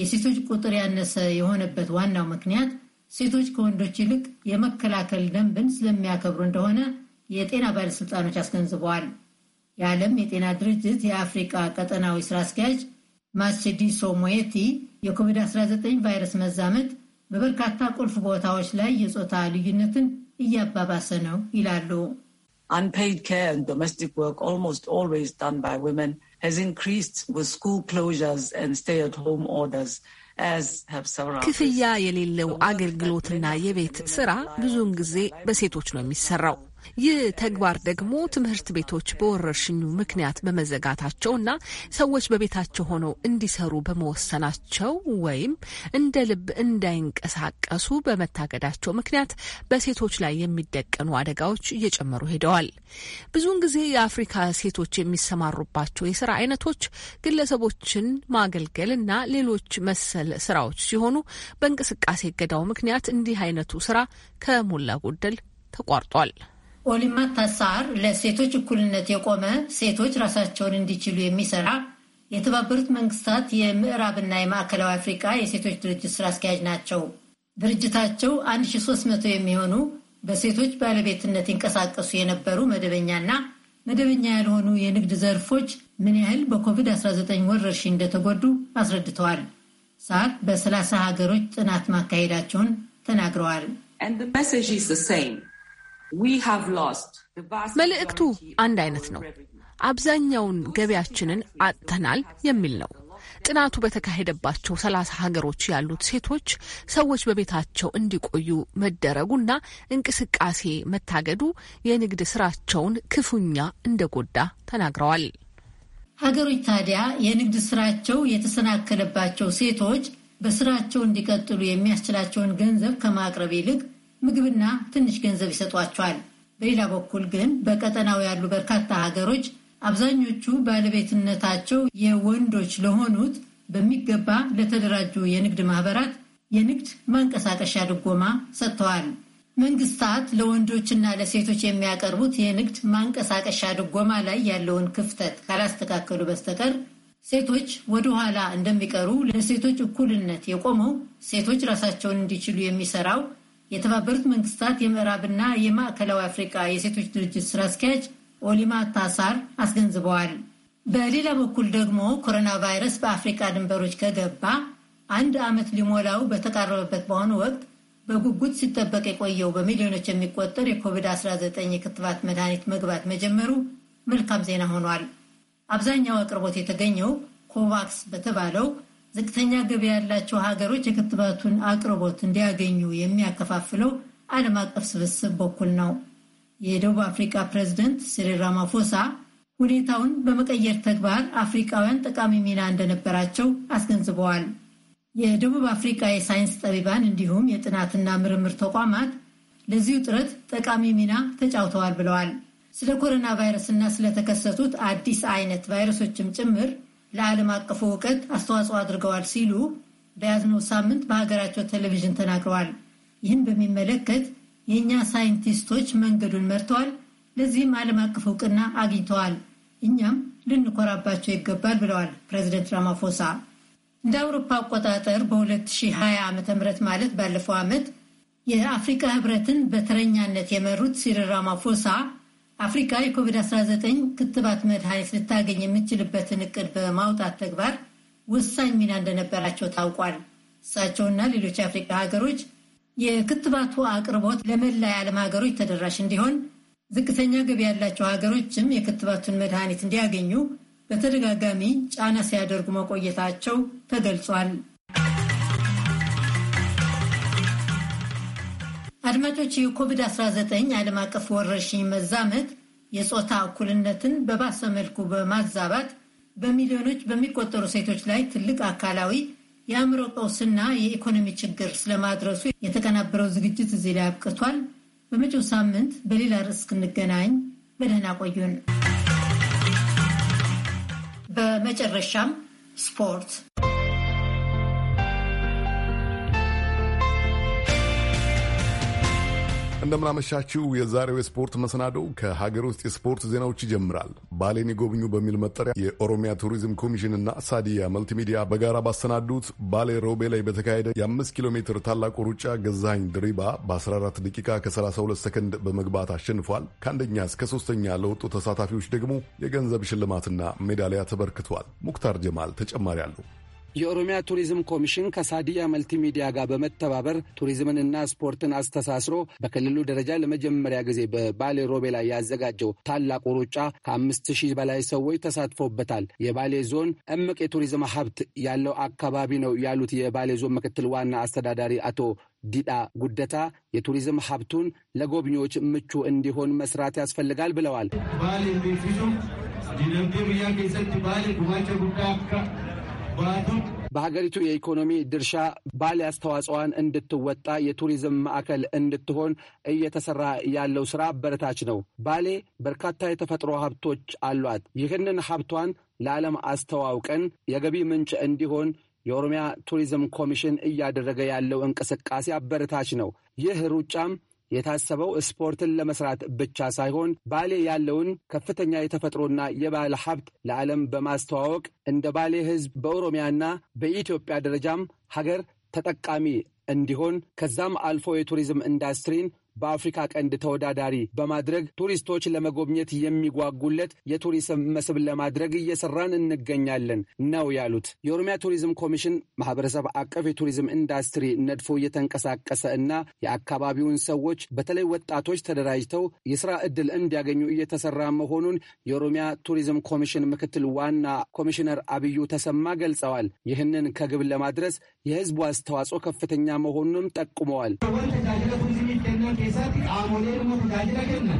የሴቶች ቁጥር ያነሰ የሆነበት ዋናው ምክንያት ሴቶች ከወንዶች ይልቅ የመከላከል ደንብን ስለሚያከብሩ እንደሆነ የጤና ባለሥልጣኖች አስገንዝበዋል። የዓለም የጤና ድርጅት የአፍሪቃ ቀጠናዊ ስራ አስኪያጅ ማስቼዲሶ ሞየቲ የኮቪድ-19 ቫይረስ መዛመት በበርካታ ቁልፍ ቦታዎች ላይ የጾታ ልዩነትን እያባባሰ ነው ይላሉ። unpaid care and domestic work almost always done by women has increased with school closures and stay-at-home orders. ክፍያ የሌለው አገልግሎትና የቤት ስራ ብዙውን ጊዜ በሴቶች ነው የሚሰራው። ይህ ተግባር ደግሞ ትምህርት ቤቶች በወረርሽኙ ምክንያት በመዘጋታቸውና ሰዎች በቤታቸው ሆነው እንዲሰሩ በመወሰናቸው ወይም እንደ ልብ እንዳይንቀሳቀሱ በመታገዳቸው ምክንያት በሴቶች ላይ የሚደቀኑ አደጋዎች እየጨመሩ ሄደዋል። ብዙውን ጊዜ የአፍሪካ ሴቶች የሚሰማሩባቸው የስራ አይነቶች ግለሰቦችን ማገልገል እና ሌሎች መሰል ስራዎች ሲሆኑ በእንቅስቃሴ እገዳው ምክንያት እንዲህ አይነቱ ስራ ከሞላ ጎደል ተቋርጧል። ኦሊማ ታሳር ለሴቶች እኩልነት የቆመ ሴቶች ራሳቸውን እንዲችሉ የሚሰራ የተባበሩት መንግስታት የምዕራብና የማዕከላዊ አፍሪቃ የሴቶች ድርጅት ስራ አስኪያጅ ናቸው። ድርጅታቸው 1300 የሚሆኑ በሴቶች ባለቤትነት ይንቀሳቀሱ የነበሩ መደበኛና መደበኛ ያልሆኑ የንግድ ዘርፎች ምን ያህል በኮቪድ-19 ወረርሽኝ እንደተጎዱ አስረድተዋል። ሳር በ30 ሀገሮች ጥናት ማካሄዳቸውን ተናግረዋል። መልእክቱ አንድ አይነት ነው። አብዛኛውን ገቢያችንን አጥተናል የሚል ነው። ጥናቱ በተካሄደባቸው ሰላሳ ሀገሮች ያሉት ሴቶች ሰዎች በቤታቸው እንዲቆዩ መደረጉና እንቅስቃሴ መታገዱ የንግድ ስራቸውን ክፉኛ እንደጎዳ ተናግረዋል። ሀገሮች ታዲያ የንግድ ስራቸው የተሰናከለባቸው ሴቶች በስራቸው እንዲቀጥሉ የሚያስችላቸውን ገንዘብ ከማቅረብ ይልቅ ምግብና ትንሽ ገንዘብ ይሰጧቸዋል። በሌላ በኩል ግን በቀጠናው ያሉ በርካታ ሀገሮች አብዛኞቹ ባለቤትነታቸው የወንዶች ለሆኑት በሚገባ ለተደራጁ የንግድ ማህበራት የንግድ ማንቀሳቀሻ ድጎማ ሰጥተዋል። መንግስታት ለወንዶችና ለሴቶች የሚያቀርቡት የንግድ ማንቀሳቀሻ ድጎማ ላይ ያለውን ክፍተት ካላስተካከሉ በስተቀር ሴቶች ወደኋላ እንደሚቀሩ ለሴቶች እኩልነት የቆመው ሴቶች ራሳቸውን እንዲችሉ የሚሰራው የተባበሩት መንግስታት የምዕራብና የማዕከላዊ አፍሪቃ የሴቶች ድርጅት ስራ አስኪያጅ ኦሊማ ታሳር አስገንዝበዋል። በሌላ በኩል ደግሞ ኮሮና ቫይረስ በአፍሪቃ ድንበሮች ከገባ አንድ ዓመት ሊሞላው በተቃረበበት በአሁኑ ወቅት በጉጉት ሲጠበቅ የቆየው በሚሊዮኖች የሚቆጠር የኮቪድ-19 የክትባት መድኃኒት መግባት መጀመሩ መልካም ዜና ሆኗል። አብዛኛው አቅርቦት የተገኘው ኮቫክስ በተባለው ዝቅተኛ ገቢ ያላቸው ሀገሮች የክትባቱን አቅርቦት እንዲያገኙ የሚያከፋፍለው ዓለም አቀፍ ስብስብ በኩል ነው። የደቡብ አፍሪካ ፕሬዝደንት ሲሪል ራማፎሳ ሁኔታውን በመቀየር ተግባር አፍሪካውያን ጠቃሚ ሚና እንደነበራቸው አስገንዝበዋል። የደቡብ አፍሪካ የሳይንስ ጠቢባን እንዲሁም የጥናትና ምርምር ተቋማት ለዚሁ ጥረት ጠቃሚ ሚና ተጫውተዋል ብለዋል። ስለ ኮሮና ቫይረስና ስለተከሰቱት አዲስ አይነት ቫይረሶችም ጭምር ለዓለም አቀፉ እውቀት አስተዋጽኦ አድርገዋል ሲሉ በያዝነው ሳምንት በሀገራቸው ቴሌቪዥን ተናግረዋል። ይህን በሚመለከት የእኛ ሳይንቲስቶች መንገዱን መርተዋል፣ ለዚህም ዓለም አቀፍ እውቅና አግኝተዋል፣ እኛም ልንኮራባቸው ይገባል ብለዋል ፕሬዚደንት ራማፎሳ። እንደ አውሮፓ አቆጣጠር በ2020 ዓ ም ማለት ባለፈው ዓመት የአፍሪካ ህብረትን በተረኛነት የመሩት ሲሪል ራማፎሳ አፍሪካ የኮቪድ-19 ክትባት መድኃኒት ልታገኝ የምትችልበትን እቅድ በማውጣት ተግባር ወሳኝ ሚና እንደነበራቸው ታውቋል። እሳቸውና ሌሎች የአፍሪካ ሀገሮች የክትባቱ አቅርቦት ለመላ የዓለም ሀገሮች ተደራሽ እንዲሆን፣ ዝቅተኛ ገቢ ያላቸው ሀገሮችም የክትባቱን መድኃኒት እንዲያገኙ በተደጋጋሚ ጫና ሲያደርጉ መቆየታቸው ተገልጿል። አድማጮች የኮቪድ-19 ዓለም አቀፍ ወረርሽኝ መዛመት የጾታ እኩልነትን በባሰ መልኩ በማዛባት በሚሊዮኖች በሚቆጠሩ ሴቶች ላይ ትልቅ አካላዊ የአእምሮ ቀውስና የኢኮኖሚ ችግር ስለማድረሱ የተቀናበረው ዝግጅት እዚህ ላይ አብቅቷል። በመጪው ሳምንት በሌላ ርዕስ ክንገናኝ በደህና ቆዩን። በመጨረሻም ስፖርት እንደምናመሻችው የዛሬው የስፖርት መሰናዶው ከሀገር ውስጥ የስፖርት ዜናዎች ይጀምራል። ባሌን ይጎብኙ በሚል መጠሪያ የኦሮሚያ ቱሪዝም ኮሚሽንና ሳዲያ መልቲሚዲያ በጋራ ባሰናዱት ባሌ ሮቤ ላይ በተካሄደ የአምስት ኪሎ ሜትር ታላቁ ሩጫ ገዛኝ ድሪባ በ14 ደቂቃ ከ32 ሰከንድ በመግባት አሸንፏል። ከአንደኛ እስከ ሶስተኛ ለወጡ ተሳታፊዎች ደግሞ የገንዘብ ሽልማትና ሜዳሊያ ተበርክቷል። ሙክታር ጀማል ተጨማሪ አለው። የኦሮሚያ ቱሪዝም ኮሚሽን ከሳዲያ መልቲሚዲያ ጋር በመተባበር ቱሪዝምንና ስፖርትን አስተሳስሮ በክልሉ ደረጃ ለመጀመሪያ ጊዜ በባሌ ሮቤ ላይ ያዘጋጀው ታላቁ ሩጫ ከአምስት ሺህ በላይ ሰዎች ተሳትፎበታል። የባሌ ዞን እምቅ የቱሪዝም ሀብት ያለው አካባቢ ነው ያሉት የባሌ ዞን ምክትል ዋና አስተዳዳሪ አቶ ዲዳ ጉደታ የቱሪዝም ሀብቱን ለጎብኚዎች ምቹ እንዲሆን መስራት ያስፈልጋል ብለዋል። ባሌ በሀገሪቱ የኢኮኖሚ ድርሻ ባል አስተዋጽኦዋን እንድትወጣ የቱሪዝም ማዕከል እንድትሆን እየተሰራ ያለው ስራ አበረታች ነው። ባሌ በርካታ የተፈጥሮ ሀብቶች አሏት። ይህንን ሀብቷን ለዓለም አስተዋውቀን የገቢ ምንጭ እንዲሆን የኦሮሚያ ቱሪዝም ኮሚሽን እያደረገ ያለው እንቅስቃሴ አበረታች ነው። ይህ ሩጫም የታሰበው ስፖርትን ለመስራት ብቻ ሳይሆን ባሌ ያለውን ከፍተኛ የተፈጥሮና የባህል ሀብት ለዓለም በማስተዋወቅ እንደ ባሌ ሕዝብ በኦሮሚያና በኢትዮጵያ ደረጃም ሀገር ተጠቃሚ እንዲሆን ከዛም አልፎ የቱሪዝም ኢንዱስትሪን በአፍሪካ ቀንድ ተወዳዳሪ በማድረግ ቱሪስቶች ለመጎብኘት የሚጓጉለት የቱሪዝም መስህብ ለማድረግ እየሰራን እንገኛለን ነው ያሉት። የኦሮሚያ ቱሪዝም ኮሚሽን ማህበረሰብ አቀፍ የቱሪዝም ኢንዱስትሪ ነድፎ እየተንቀሳቀሰ እና የአካባቢውን ሰዎች በተለይ ወጣቶች ተደራጅተው የስራ ዕድል እንዲያገኙ እየተሰራ መሆኑን የኦሮሚያ ቱሪዝም ኮሚሽን ምክትል ዋና ኮሚሽነር አብዩ ተሰማ ገልጸዋል። ይህንን ከግብ ለማድረስ የህዝቡ አስተዋጽኦ ከፍተኛ መሆኑንም ጠቁመዋል። keessatti qaamolee tajaajila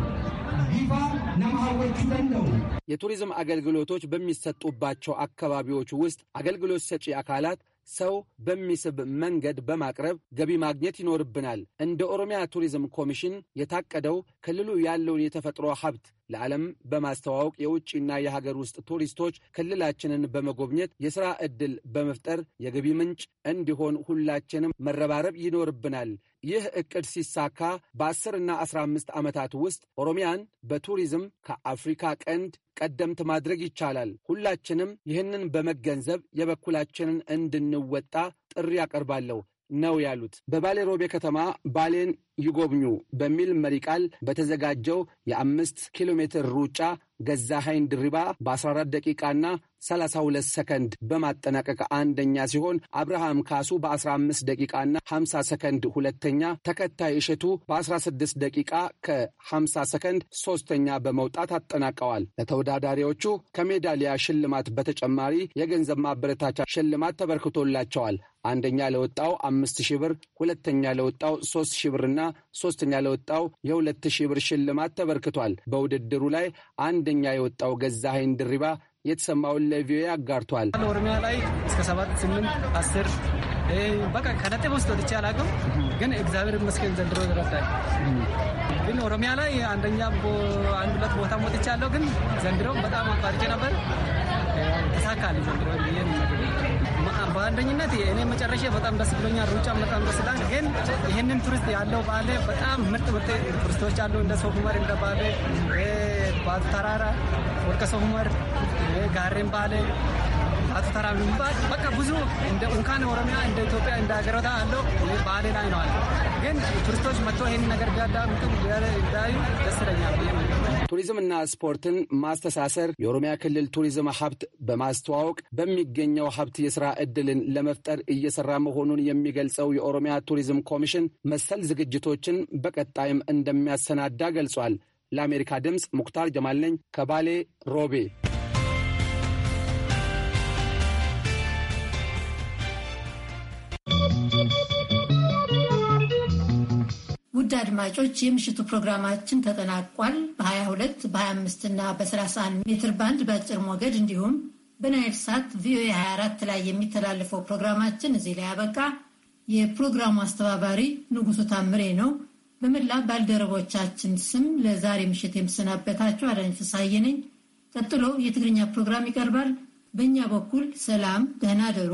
የቱሪዝም አገልግሎቶች በሚሰጡባቸው አካባቢዎች ውስጥ አገልግሎት ሰጪ አካላት ሰው በሚስብ መንገድ በማቅረብ ገቢ ማግኘት ይኖርብናል። እንደ ኦሮሚያ ቱሪዝም ኮሚሽን የታቀደው ክልሉ ያለውን የተፈጥሮ ሀብት ለዓለም በማስተዋወቅ የውጭና የሀገር ውስጥ ቱሪስቶች ክልላችንን በመጎብኘት የሥራ ዕድል በመፍጠር የገቢ ምንጭ እንዲሆን ሁላችንም መረባረብ ይኖርብናል። ይህ እቅድ ሲሳካ በአስርና አስራ አምስት ዓመታት ውስጥ ኦሮሚያን በቱሪዝም ከአፍሪካ ቀንድ ቀደምት ማድረግ ይቻላል። ሁላችንም ይህንን በመገንዘብ የበኩላችንን እንድንወጣ ጥሪ አቀርባለሁ ነው ያሉት። በባሌ ሮቤ ከተማ ባሌን ይጎብኙ በሚል መሪ ቃል በተዘጋጀው የአምስት ኪሎ ሜትር ሩጫ ገዛ ገዛኸኝ ድሪባ በ14 ደቂቃና 32 ሰከንድ በማጠናቀቅ አንደኛ ሲሆን አብርሃም ካሱ በ15 ደቂቃና 50 ሰከንድ ሁለተኛ፣ ተከታይ እሸቱ በ16 ደቂቃ ከ50 ሰከንድ ሶስተኛ በመውጣት አጠናቀዋል። ለተወዳዳሪዎቹ ከሜዳሊያ ሽልማት በተጨማሪ የገንዘብ ማበረታቻ ሽልማት ተበርክቶላቸዋል። አንደኛ ለወጣው አምስት ሺህ ብር፣ ሁለተኛ ለወጣው ሶስት ሺህ ብርና ሶስተኛ ለወጣው የሁለት ሺህ ብር ሽልማት ተበርክቷል። በውድድሩ ላይ አንደኛ የወጣው ገዛኸኝ ድሪባ የተሰማውን ለቪኦኤ አጋርቷል። ኦሮሚያ ላይ እስከ ሰባት ስምንት አስር በቃ ከነጥብ ውስጥ ወጥቼ አላውቅም፣ ግን እግዚአብሔር ይመስገን ዘንድሮ ረዳል። ግን ኦሮሚያ ላይ አንደኛ አንድ ሁለት ቦታ ወጥቼ አለው፣ ግን ዘንድሮ በጣም አቋርጬ ነበር። ተሳካል ዘንድሮ በአንደኝነት እኔ መጨረሻ በጣም ደስ ብሎኛል። ሩጫ በጣም ደስ ይላል። ግን ይህንን ቱሪስት ያለው ባለ በጣም ምርጥ ምርጥ ቱሪስቶች አሉ እንደ ሶፍ እንደ ባለ ባቱ ተራራ፣ ወርቀሰ ሁመር፣ ጋሬን ባለ አቶ ተራ ሚባል በቃ ብዙ እንኳን ኦሮሚያ እንደ ኢትዮጵያ እንደ ሀገረታ አለው ባሌ ላይ ነው አለ። ግን ቱሪስቶች መጥቶ ይህን ነገር ቢያዳምጡ ዳዩ ደስ ይለኛል። ቱሪዝምና ስፖርትን ማስተሳሰር የኦሮሚያ ክልል ቱሪዝም ሀብት በማስተዋወቅ በሚገኘው ሀብት የስራ እድልን ለመፍጠር እየሰራ መሆኑን የሚገልጸው የኦሮሚያ ቱሪዝም ኮሚሽን መሰል ዝግጅቶችን በቀጣይም እንደሚያሰናዳ ገልጿል። ለአሜሪካ ድምፅ ሙክታር ጀማል ነኝ ከባሌ ሮቤ። ውድ አድማጮች የምሽቱ ፕሮግራማችን ተጠናቋል። በ22 በ25 እና በ31 ሜትር ባንድ በአጭር ሞገድ እንዲሁም በናይል ሳት ቪኦኤ 24 ላይ የሚተላለፈው ፕሮግራማችን እዚህ ላይ ያበቃ። የፕሮግራሙ አስተባባሪ ንጉሱ ታምሬ ነው። በመላ ባልደረቦቻችን ስም ለዛሬ ምሽት የምሰናበታችሁ አዳኝ ነኝ። ቀጥሎ የትግርኛ ፕሮግራም ይቀርባል። በእኛ በኩል ሰላም፣ ደህና ደሩ።